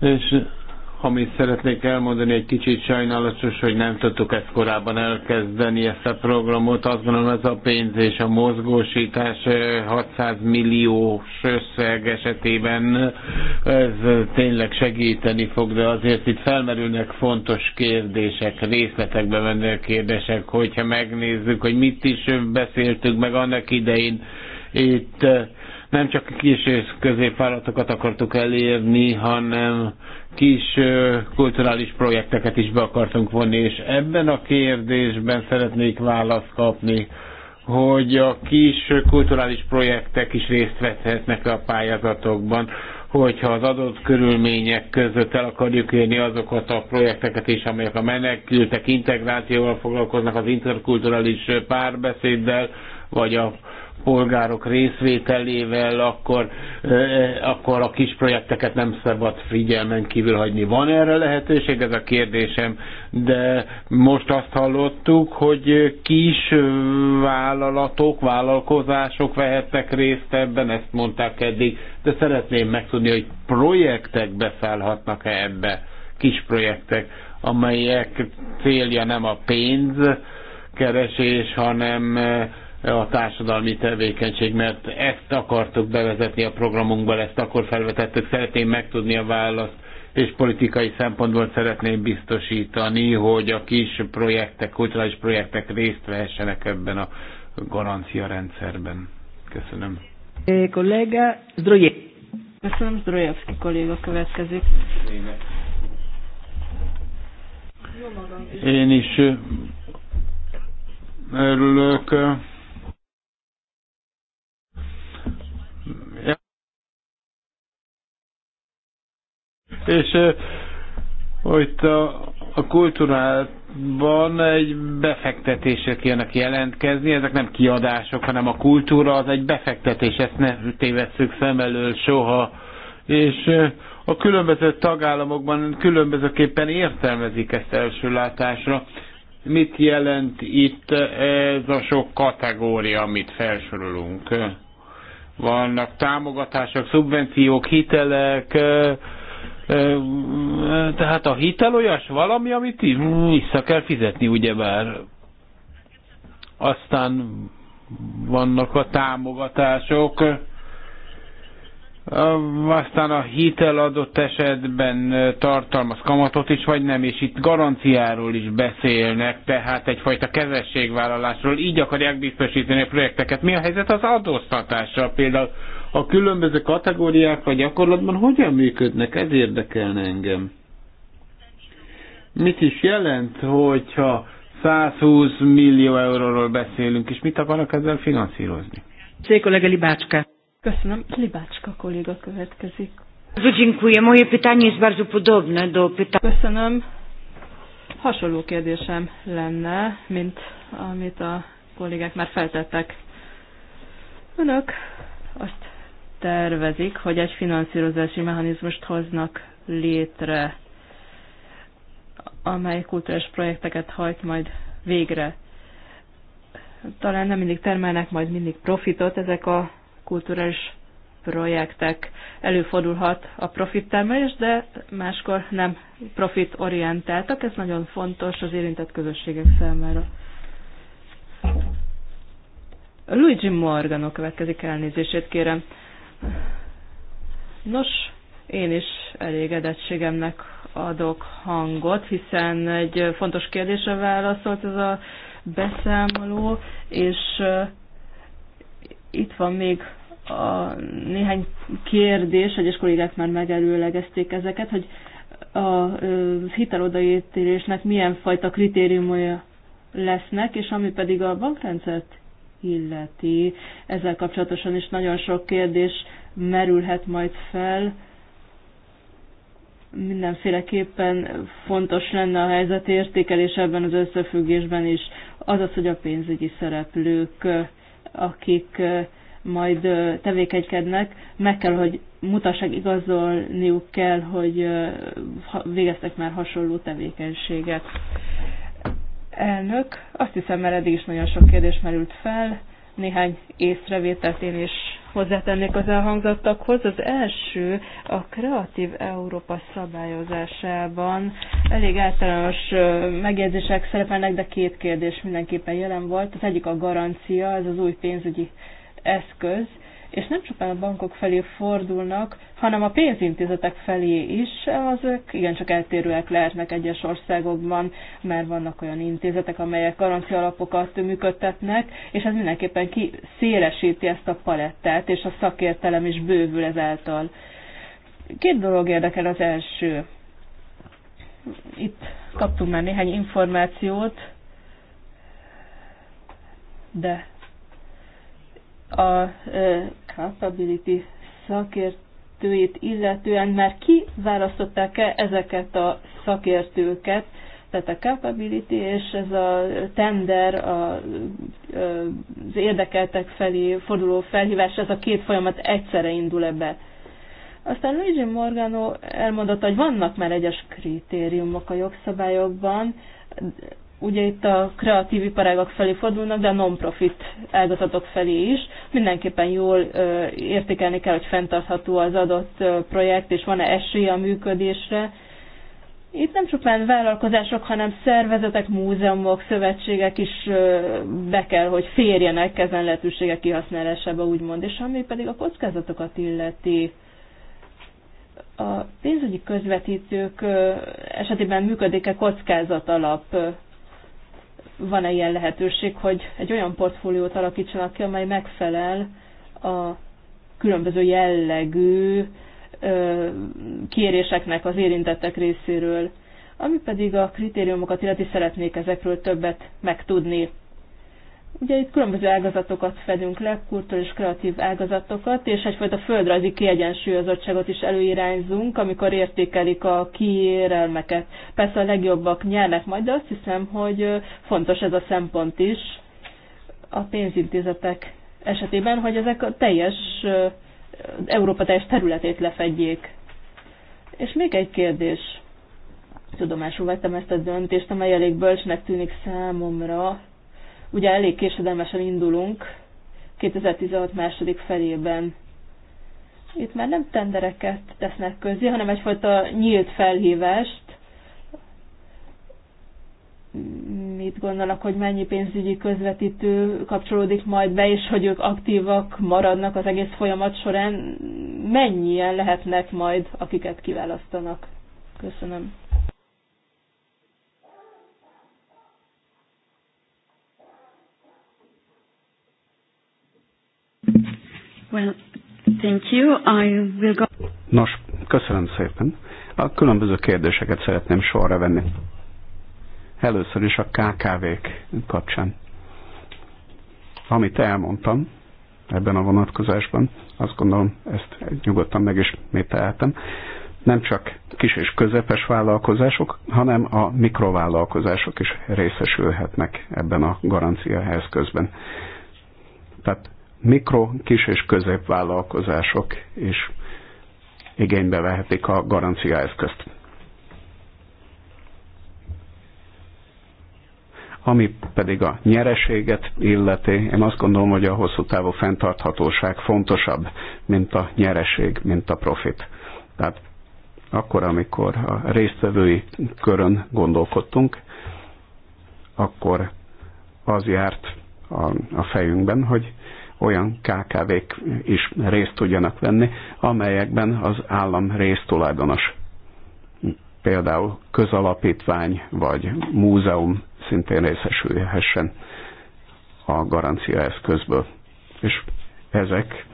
És amit szeretnék elmondani, egy kicsit sajnálatos, hogy nem tudtuk ezt korábban elkezdeni, ezt a programot. Azt gondolom, ez a pénz és a mozgósítás 600 milliós összeg esetében ez tényleg segíteni fog, de azért itt felmerülnek fontos kérdések, részletekbe menő kérdések, hogyha megnézzük, hogy mit is beszéltük meg annak idején, itt nem csak kis és középvállalatokat akartuk elérni, hanem kis kulturális projekteket is be akartunk vonni, és ebben a kérdésben szeretnék választ kapni, hogy a kis kulturális projektek is részt vethetnek a pályázatokban, hogyha az adott körülmények között el akarjuk érni azokat a projekteket is, amelyek a menekültek integrációval foglalkoznak, az interkulturális párbeszéddel, vagy a polgárok részvételével, akkor, akkor a kis projekteket nem szabad figyelmen kívül hagyni. Van erre lehetőség? Ez a kérdésem. De most azt hallottuk, hogy kis vállalatok, vállalkozások vehettek részt ebben, ezt mondták eddig, de szeretném megtudni, hogy projektek beszállhatnak-e ebbe, kis projektek, amelyek célja nem a pénz, keresés, hanem a társadalmi tevékenység, mert ezt akartuk bevezetni a programunkba, ezt akkor felvetettük, szeretném megtudni a választ, és politikai szempontból szeretném biztosítani, hogy a kis projektek, kulturális projektek részt vehessenek ebben a garancia rendszerben. Köszönöm. Kolléga Köszönöm, Zdrojevski kolléga következik. Én is örülök. És hogy a, a kultúrában egy befektetésre jönnek jelentkezni, ezek nem kiadások, hanem a kultúra az egy befektetés, ezt ne tévesszük szem elől soha. És a különböző tagállamokban különbözőképpen értelmezik ezt első látásra. Mit jelent itt ez a sok kategória, amit felsorolunk? Vannak támogatások, szubvenciók, hitelek, tehát a hitel olyas valami, amit vissza kell fizetni, ugyebár. Aztán vannak a támogatások, aztán a hitel adott esetben tartalmaz kamatot is, vagy nem, és itt garanciáról is beszélnek, tehát egyfajta kezességvállalásról, így akarják biztosítani a projekteket. Mi a helyzet az adóztatással például? A különböző kategóriák a gyakorlatban hogyan működnek, ez érdekelne engem. Mit is jelent, hogyha 120 millió euróról beszélünk, és mit akarnak ezzel finanszírozni? Szép kollega Libácska. Köszönöm. Libácska kolléga következik. Dziękuję. Moje pytanie jest bardzo podobne do pytania. Köszönöm. Hasonló kérdésem lenne, mint amit a kollégák már feltettek. Önök azt tervezik, hogy egy finanszírozási mechanizmust hoznak létre, amely kulturális projekteket hajt majd végre. Talán nem mindig termelnek majd mindig profitot ezek a kulturális projektek. Előfordulhat a profit termelés, de máskor nem profit orientáltak. Ez nagyon fontos az érintett közösségek számára. Luigi Morgano következik elnézését, kérem. Nos, én is elégedettségemnek adok hangot, hiszen egy fontos kérdésre válaszolt ez a beszámoló, és itt van még a néhány kérdés, egyes kollégák már megelőlegezték ezeket, hogy a hitelodaítélésnek milyen fajta kritériumai lesznek, és ami pedig a bankrendszert illeti. Ezzel kapcsolatosan is nagyon sok kérdés merülhet majd fel. Mindenféleképpen fontos lenne a helyzet értékelés ebben az összefüggésben is. Azaz, hogy a pénzügyi szereplők, akik majd tevékenykednek, meg kell, hogy mutassák, igazolniuk kell, hogy végeztek már hasonló tevékenységet. Elnök, azt hiszem, mert eddig is nagyon sok kérdés merült fel, néhány észrevételt én is hozzátennék az elhangzottakhoz. Az első a Kreatív Európa szabályozásában elég általános megjegyzések szerepelnek, de két kérdés mindenképpen jelen volt. Az egyik a garancia, ez az új pénzügyi eszköz, és nem csupán a bankok felé fordulnak, hanem a pénzintézetek felé is, azok igencsak eltérőek lehetnek egyes országokban, mert vannak olyan intézetek, amelyek garancia alapokat működtetnek, és ez mindenképpen kiszélesíti ezt a palettát, és a szakértelem is bővül ezáltal. Két dolog érdekel az első. Itt kaptunk már néhány információt, de a capability szakértőit illetően már választották e ezeket a szakértőket, tehát a capability és ez a tender, a, az érdekeltek felé forduló felhívás, ez a két folyamat egyszerre indul ebbe. Aztán Luigi Morgano elmondott, hogy vannak már egyes kritériumok a jogszabályokban, ugye itt a kreatív iparágak felé fordulnak, de a non-profit ágazatok felé is. Mindenképpen jól ö, értékelni kell, hogy fenntartható az adott ö, projekt, és van-e esély a működésre. Itt nem csupán vállalkozások, hanem szervezetek, múzeumok, szövetségek is ö, be kell, hogy férjenek ezen lehetőségek kihasználásába, úgymond. És ami pedig a kockázatokat illeti, a pénzügyi közvetítők esetében működik-e kockázat alap van-e ilyen lehetőség, hogy egy olyan portfóliót alakítsanak ki, amely megfelel a különböző jellegű kéréseknek az érintettek részéről. Ami pedig a kritériumokat illeti szeretnék ezekről többet megtudni. Ugye itt különböző ágazatokat fedünk le, kultúr és kreatív ágazatokat, és egyfajta földrajzi kiegyensúlyozottságot is előirányzunk, amikor értékelik a kiérelmeket. Persze a legjobbak nyernek majd, de azt hiszem, hogy fontos ez a szempont is a pénzintézetek esetében, hogy ezek a teljes, Európa teljes területét lefedjék. És még egy kérdés. Tudomásul vettem ezt a döntést, amely elég bölcsnek tűnik számomra, Ugye elég késedelmesen indulunk 2016 második felében. Itt már nem tendereket tesznek közé, hanem egyfajta nyílt felhívást. Mit gondolnak, hogy mennyi pénzügyi közvetítő kapcsolódik majd be, és hogy ők aktívak maradnak az egész folyamat során? Mennyien lehetnek majd, akiket kiválasztanak? Köszönöm. Well, thank you. I will go... Nos, köszönöm szépen. A különböző kérdéseket szeretném sorra venni. Először is a KKV-k kapcsán. Amit elmondtam ebben a vonatkozásban, azt gondolom, ezt nyugodtan meg is mételhetem nem csak kis és közepes vállalkozások, hanem a mikrovállalkozások is részesülhetnek ebben a garancia eszközben. Tehát mikro, kis és középvállalkozások is igénybe vehetik a garanciaeszközt. Ami pedig a nyereséget illeti, én azt gondolom, hogy a hosszú távú fenntarthatóság fontosabb, mint a nyereség, mint a profit. Tehát akkor, amikor a résztvevői körön gondolkodtunk, akkor az járt a, a fejünkben, hogy olyan KKV-k is részt tudjanak venni, amelyekben az állam résztulajdonos. Például közalapítvány vagy múzeum szintén részesülhessen a garancia eszközből. És ezek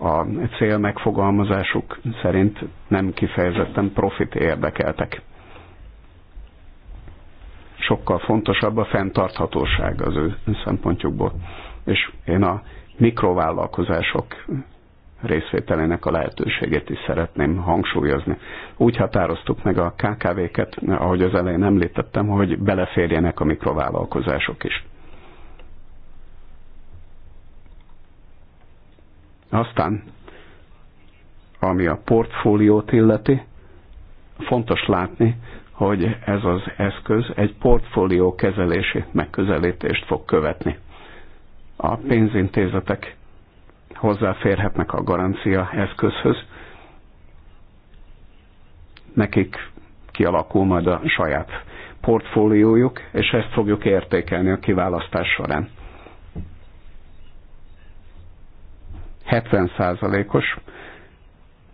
a cél megfogalmazásuk szerint nem kifejezetten profit érdekeltek. Sokkal fontosabb a fenntarthatóság az ő szempontjukból. És én a mikrovállalkozások részvételének a lehetőségét is szeretném hangsúlyozni. Úgy határoztuk meg a KKV-ket, ahogy az elején említettem, hogy beleférjenek a mikrovállalkozások is. Aztán, ami a portfóliót illeti, fontos látni, hogy ez az eszköz egy portfólió kezelési megközelítést fog követni a pénzintézetek hozzáférhetnek a garancia eszközhöz. Nekik kialakul majd a saját portfóliójuk, és ezt fogjuk értékelni a kiválasztás során. 70%-os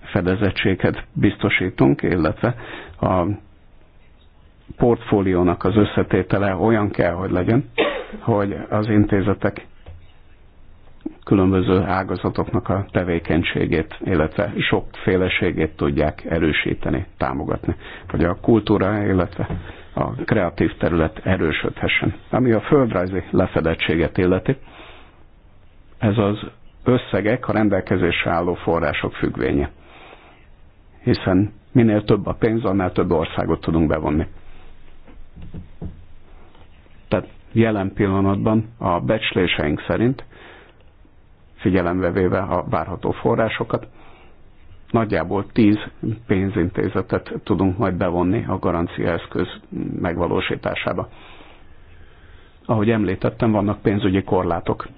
fedezettséget biztosítunk, illetve a portfóliónak az összetétele olyan kell, hogy legyen, hogy az intézetek különböző ágazatoknak a tevékenységét, illetve sokféleségét tudják erősíteni, támogatni, hogy a kultúra, illetve a kreatív terület erősödhessen. Ami a földrajzi lefedettséget illeti, ez az összegek a rendelkezésre álló források függvénye. Hiszen minél több a pénz, annál több országot tudunk bevonni. Tehát jelen pillanatban a becsléseink szerint figyelembe véve a várható forrásokat. Nagyjából 10 pénzintézetet tudunk majd bevonni a garanciaeszköz megvalósításába. Ahogy említettem, vannak pénzügyi korlátok,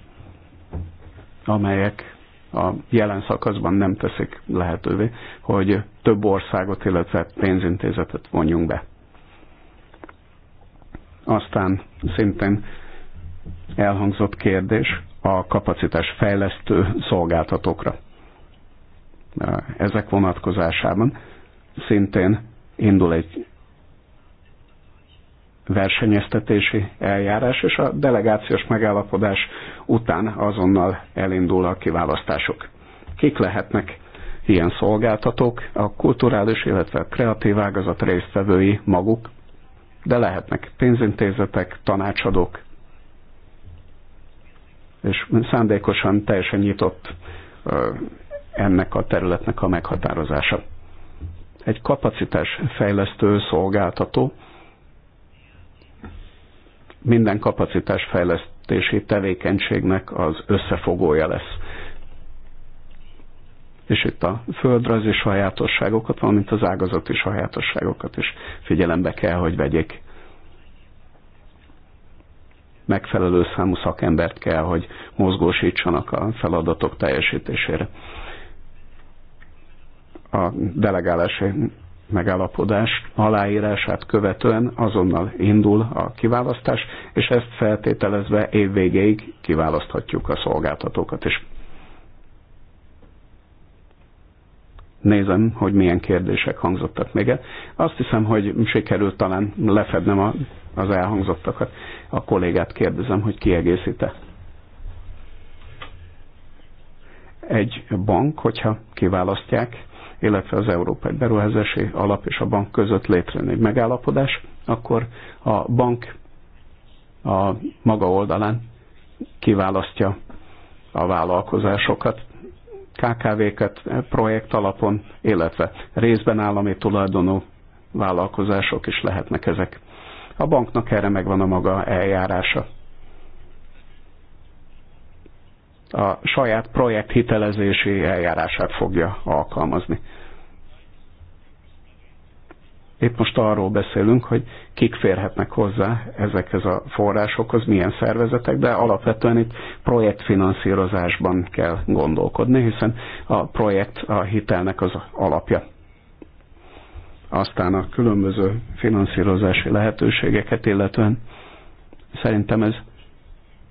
amelyek a jelen szakaszban nem teszik lehetővé, hogy több országot, illetve pénzintézetet vonjunk be. Aztán szintén elhangzott kérdés a kapacitás fejlesztő szolgáltatókra. Ezek vonatkozásában szintén indul egy versenyeztetési eljárás, és a delegációs megállapodás után azonnal elindul a kiválasztások. Kik lehetnek ilyen szolgáltatók? A kulturális, illetve a kreatív ágazat résztvevői maguk, de lehetnek pénzintézetek, tanácsadók, és szándékosan teljesen nyitott ennek a területnek a meghatározása. Egy kapacitásfejlesztő szolgáltató minden kapacitásfejlesztési tevékenységnek az összefogója lesz. És itt a földrajzi sajátosságokat, valamint az ágazati sajátosságokat is figyelembe kell, hogy vegyék megfelelő számú szakembert kell, hogy mozgósítsanak a feladatok teljesítésére. A delegálási megállapodás aláírását követően azonnal indul a kiválasztás, és ezt feltételezve évvégéig kiválaszthatjuk a szolgáltatókat is. Nézem, hogy milyen kérdések hangzottak még el. Azt hiszem, hogy sikerült talán lefednem a az elhangzottakat. A kollégát kérdezem, hogy kiegészíte. Egy bank, hogyha kiválasztják, illetve az Európai Beruházási Alap és a bank között létrejön egy megállapodás, akkor a bank a maga oldalán kiválasztja a vállalkozásokat, KKV-ket projekt alapon, illetve részben állami tulajdonú vállalkozások is lehetnek ezek. A banknak erre megvan a maga eljárása. A saját projekt hitelezési eljárását fogja alkalmazni. Épp most arról beszélünk, hogy kik férhetnek hozzá ezekhez a forrásokhoz, milyen szervezetek, de alapvetően itt projektfinanszírozásban kell gondolkodni, hiszen a projekt a hitelnek az alapja aztán a különböző finanszírozási lehetőségeket, illetően szerintem ez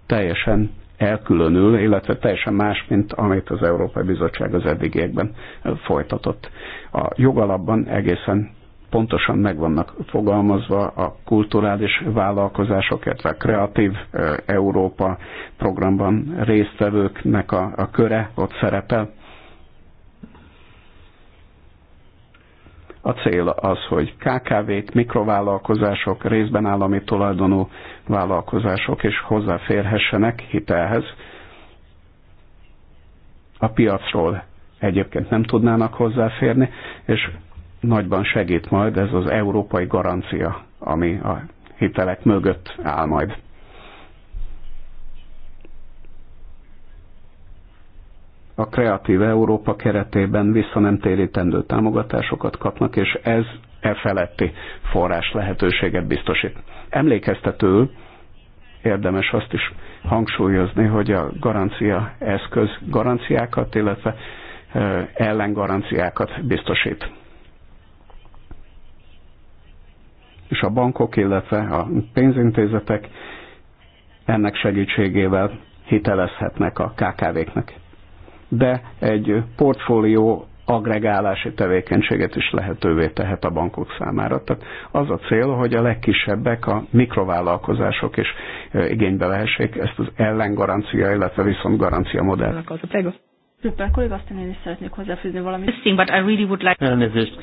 teljesen elkülönül, illetve teljesen más, mint amit az Európai Bizottság az eddigiekben folytatott. A jogalapban egészen pontosan meg vannak fogalmazva a kulturális vállalkozások, illetve a Kreatív Európa programban résztvevőknek a, a köre ott szerepel, A cél az, hogy KKV-k, mikrovállalkozások, részben állami tulajdonú vállalkozások is hozzáférhessenek hitelhez. A piacról egyébként nem tudnának hozzáférni, és nagyban segít majd ez az európai garancia, ami a hitelek mögött áll majd. a Kreatív Európa keretében visszanemtérítendő támogatásokat kapnak, és ez e feletti forrás lehetőséget biztosít. Emlékeztetőül érdemes azt is hangsúlyozni, hogy a garancia eszköz garanciákat, illetve e, ellengaranciákat biztosít. És a bankok, illetve a pénzintézetek ennek segítségével hitelezhetnek a KKV-knek de egy portfólió agregálási tevékenységet is lehetővé tehet a bankok számára. Tehát az a cél, hogy a legkisebbek, a mikrovállalkozások is igénybe lehessék ezt az ellengarancia, illetve viszont garancia modellt. Rüppel kolléga, aztán én is szeretnék hozzáfűzni valamit. really like... Elnézést,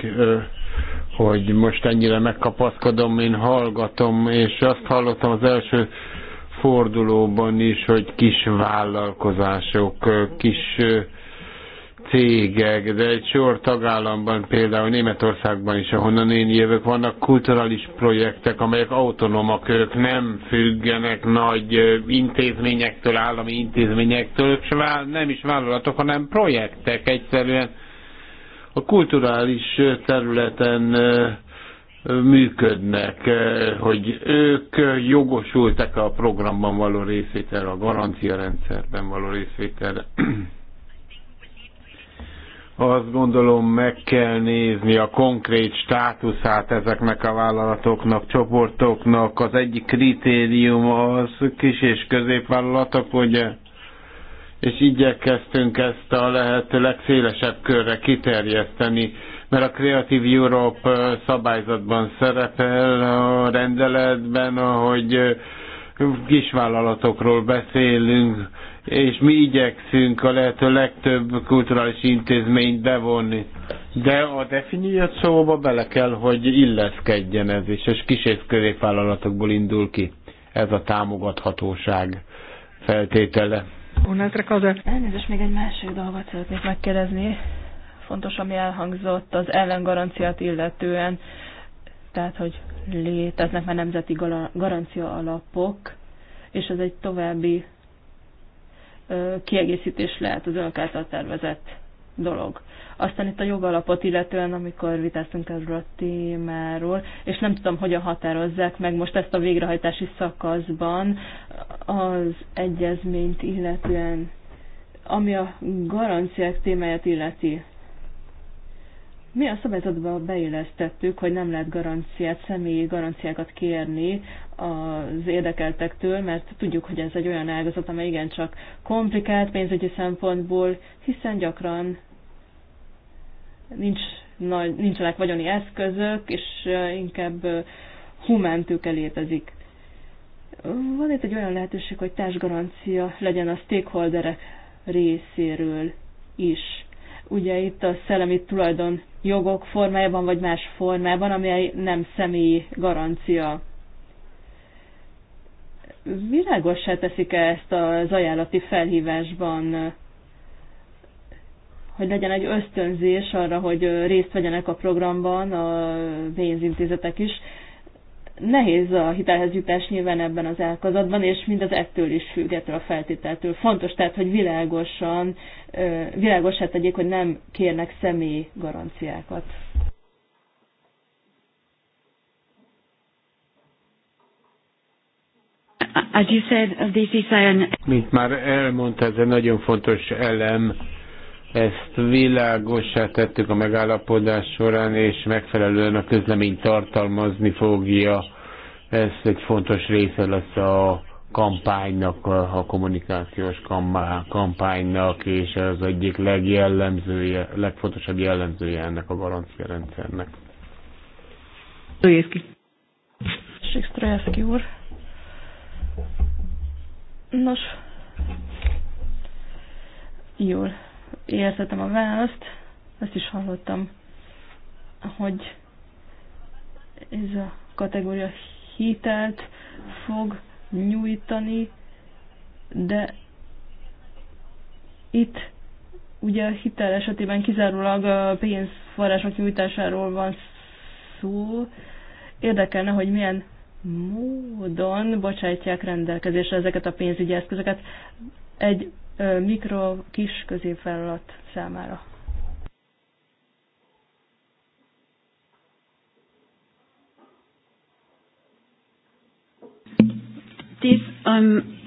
hogy most ennyire megkapaszkodom, én hallgatom, és azt hallottam az első fordulóban is, hogy kis vállalkozások, kis cégek, de egy sor tagállamban, például Németországban is, ahonnan én jövök, vannak kulturális projektek, amelyek autonómak, ők nem függenek nagy intézményektől, állami intézményektől, ők nem is vállalatok, hanem projektek egyszerűen a kulturális területen működnek, eh, hogy ők jogosultak a programban való részvételre, a garancia rendszerben való részvételre. Azt gondolom meg kell nézni a konkrét státuszát ezeknek a vállalatoknak, csoportoknak. Az egyik kritérium az kis és középvállalatok, ugye? És igyekeztünk ezt a lehető legszélesebb körre kiterjeszteni mert a Creative Europe szabályzatban szerepel a rendeletben, hogy kisvállalatokról beszélünk, és mi igyekszünk a lehető legtöbb kulturális intézményt bevonni. De a definiált szóba bele kell, hogy illeszkedjen ez is, és kis és középvállalatokból indul ki. Ez a támogathatóság feltétele. Elnézést, még egy másik dolgot szeretnék megkérdezni fontos, ami elhangzott az ellengaranciát illetően, tehát hogy léteznek már nemzeti garancia alapok, és ez egy további kiegészítés lehet az önök által tervezett dolog. Aztán itt a jogalapot illetően, amikor vitáztunk erről a témáról, és nem tudom, hogyan határozzák meg most ezt a végrehajtási szakaszban az egyezményt illetően, ami a garanciák témáját illeti. Mi a szabályzatba beillesztettük, hogy nem lehet garanciát, személyi garanciákat kérni az érdekeltektől, mert tudjuk, hogy ez egy olyan ágazat, amely igencsak komplikált pénzügyi szempontból, hiszen gyakran nincs nagy, nincsenek vagyoni eszközök, és inkább humán tőke létezik. Van itt egy olyan lehetőség, hogy társgarancia legyen a stakeholderek részéről is. Ugye itt a szellemi tulajdon jogok formájában vagy más formában, amely nem személyi garancia. Világosá teszik-e ezt az ajánlati felhívásban, hogy legyen egy ösztönzés arra, hogy részt vegyenek a programban a pénzintézetek is, Nehéz a hitelhez jutás nyilván ebben az elkazadban, és az ettől is függ, ettől a feltételtől. Fontos tehát, hogy világosan, világosá tegyék, hogy nem kérnek személy garanciákat. As you said, this is an... Mint már elmondta, ez egy nagyon fontos elem ezt világosá tettük a megállapodás során, és megfelelően a közlemény tartalmazni fogja. Ez egy fontos része lesz a kampánynak, a kommunikációs kampánynak, és az egyik legjellemzője, legfontosabb jellemzője ennek a garancia rendszernek. Szujészki. úr. Nos, jól értettem a választ, azt is hallottam, hogy ez a kategória hitelt fog nyújtani, de itt ugye a hitel esetében kizárólag a pénzforrások nyújtásáról van szó. Érdekelne, hogy milyen módon bocsájtják rendelkezésre ezeket a pénzügyi eszközöket. Egy mikro, kis középvállalat számára. This, um,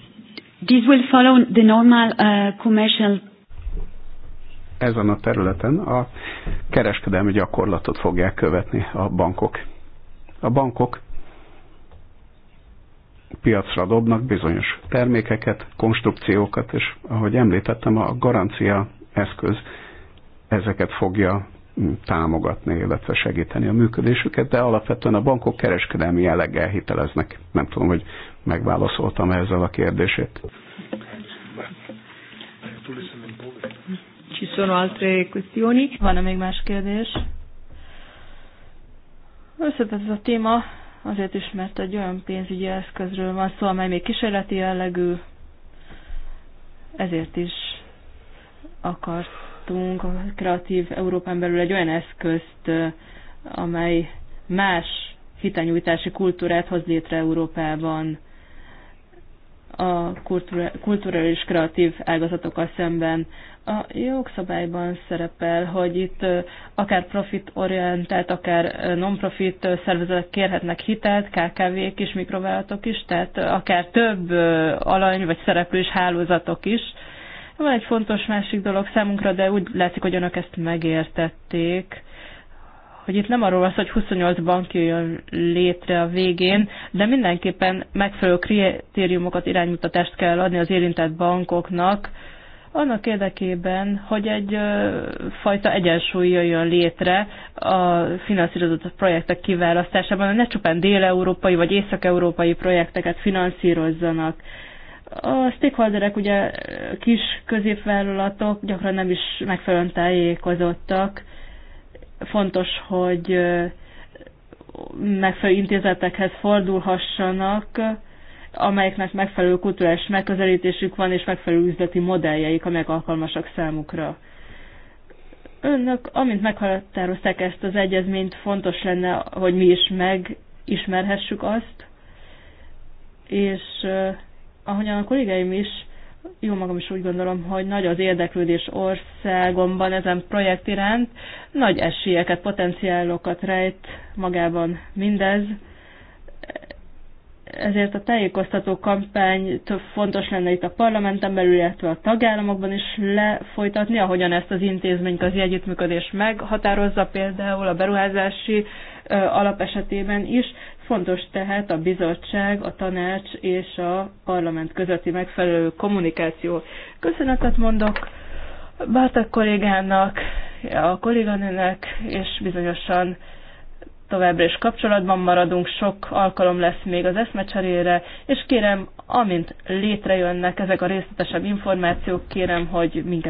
this will follow the normal uh, commercial ezen a területen a kereskedelmi gyakorlatot fogják követni a bankok. A bankok piacra dobnak bizonyos termékeket, konstrukciókat, és ahogy említettem, a garancia eszköz ezeket fogja mm, támogatni, illetve segíteni a működésüket, de alapvetően a bankok kereskedelmi jelleggel hiteleznek. Nem tudom, hogy megválaszoltam ezzel a kérdését. Ci sono altre questioni? Van-e még más kérdés? Összetett ez a téma, azért is, mert egy olyan pénzügyi eszközről van szó, amely még kísérleti jellegű, ezért is akartunk a kreatív Európán belül egy olyan eszközt, amely más hitenyújtási kultúrát hoz létre Európában a kulturális kreatív ágazatokkal szemben. A jogszabályban szerepel, hogy itt akár profitorientált, akár non-profit szervezetek kérhetnek hitelt, KKV-k is, mikrovállalatok is, tehát akár több alany vagy szereplős hálózatok is. Van egy fontos másik dolog számunkra, de úgy látszik, hogy önök ezt megértették hogy itt nem arról van hogy 28 bank jön létre a végén, de mindenképpen megfelelő kritériumokat, iránymutatást kell adni az érintett bankoknak, annak érdekében, hogy egy fajta egyensúly jöjjön létre a finanszírozott projektek kiválasztásában, hogy ne csupán déleurópai vagy észak-európai projekteket finanszírozzanak. A stakeholderek, ugye kis középvállalatok gyakran nem is megfelelően tájékozottak. Fontos, hogy megfelelő intézetekhez fordulhassanak, amelyeknek megfelelő kulturális megközelítésük van, és megfelelő üzleti modelljeik, amelyek alkalmasak számukra. Önök, amint meghatározták ezt az egyezményt, fontos lenne, hogy mi is megismerhessük azt, és ahogyan a kollégáim is, jó magam is úgy gondolom, hogy nagy az érdeklődés országomban ezen projekt iránt, nagy esélyeket, potenciálokat rejt magában mindez ezért a tájékoztató kampány több fontos lenne itt a parlamenten belül, illetve a tagállamokban is lefolytatni, ahogyan ezt az az együttműködés meghatározza, például a beruházási alap esetében is. Fontos tehát a bizottság, a tanács és a parlament közötti megfelelő kommunikáció. Köszönetet mondok Bártak kollégának, a kolléganőnek, és bizonyosan továbbra is kapcsolatban maradunk, sok alkalom lesz még az eszmecserére, és kérem, amint létrejönnek ezek a részletesebb információk, kérem, hogy minket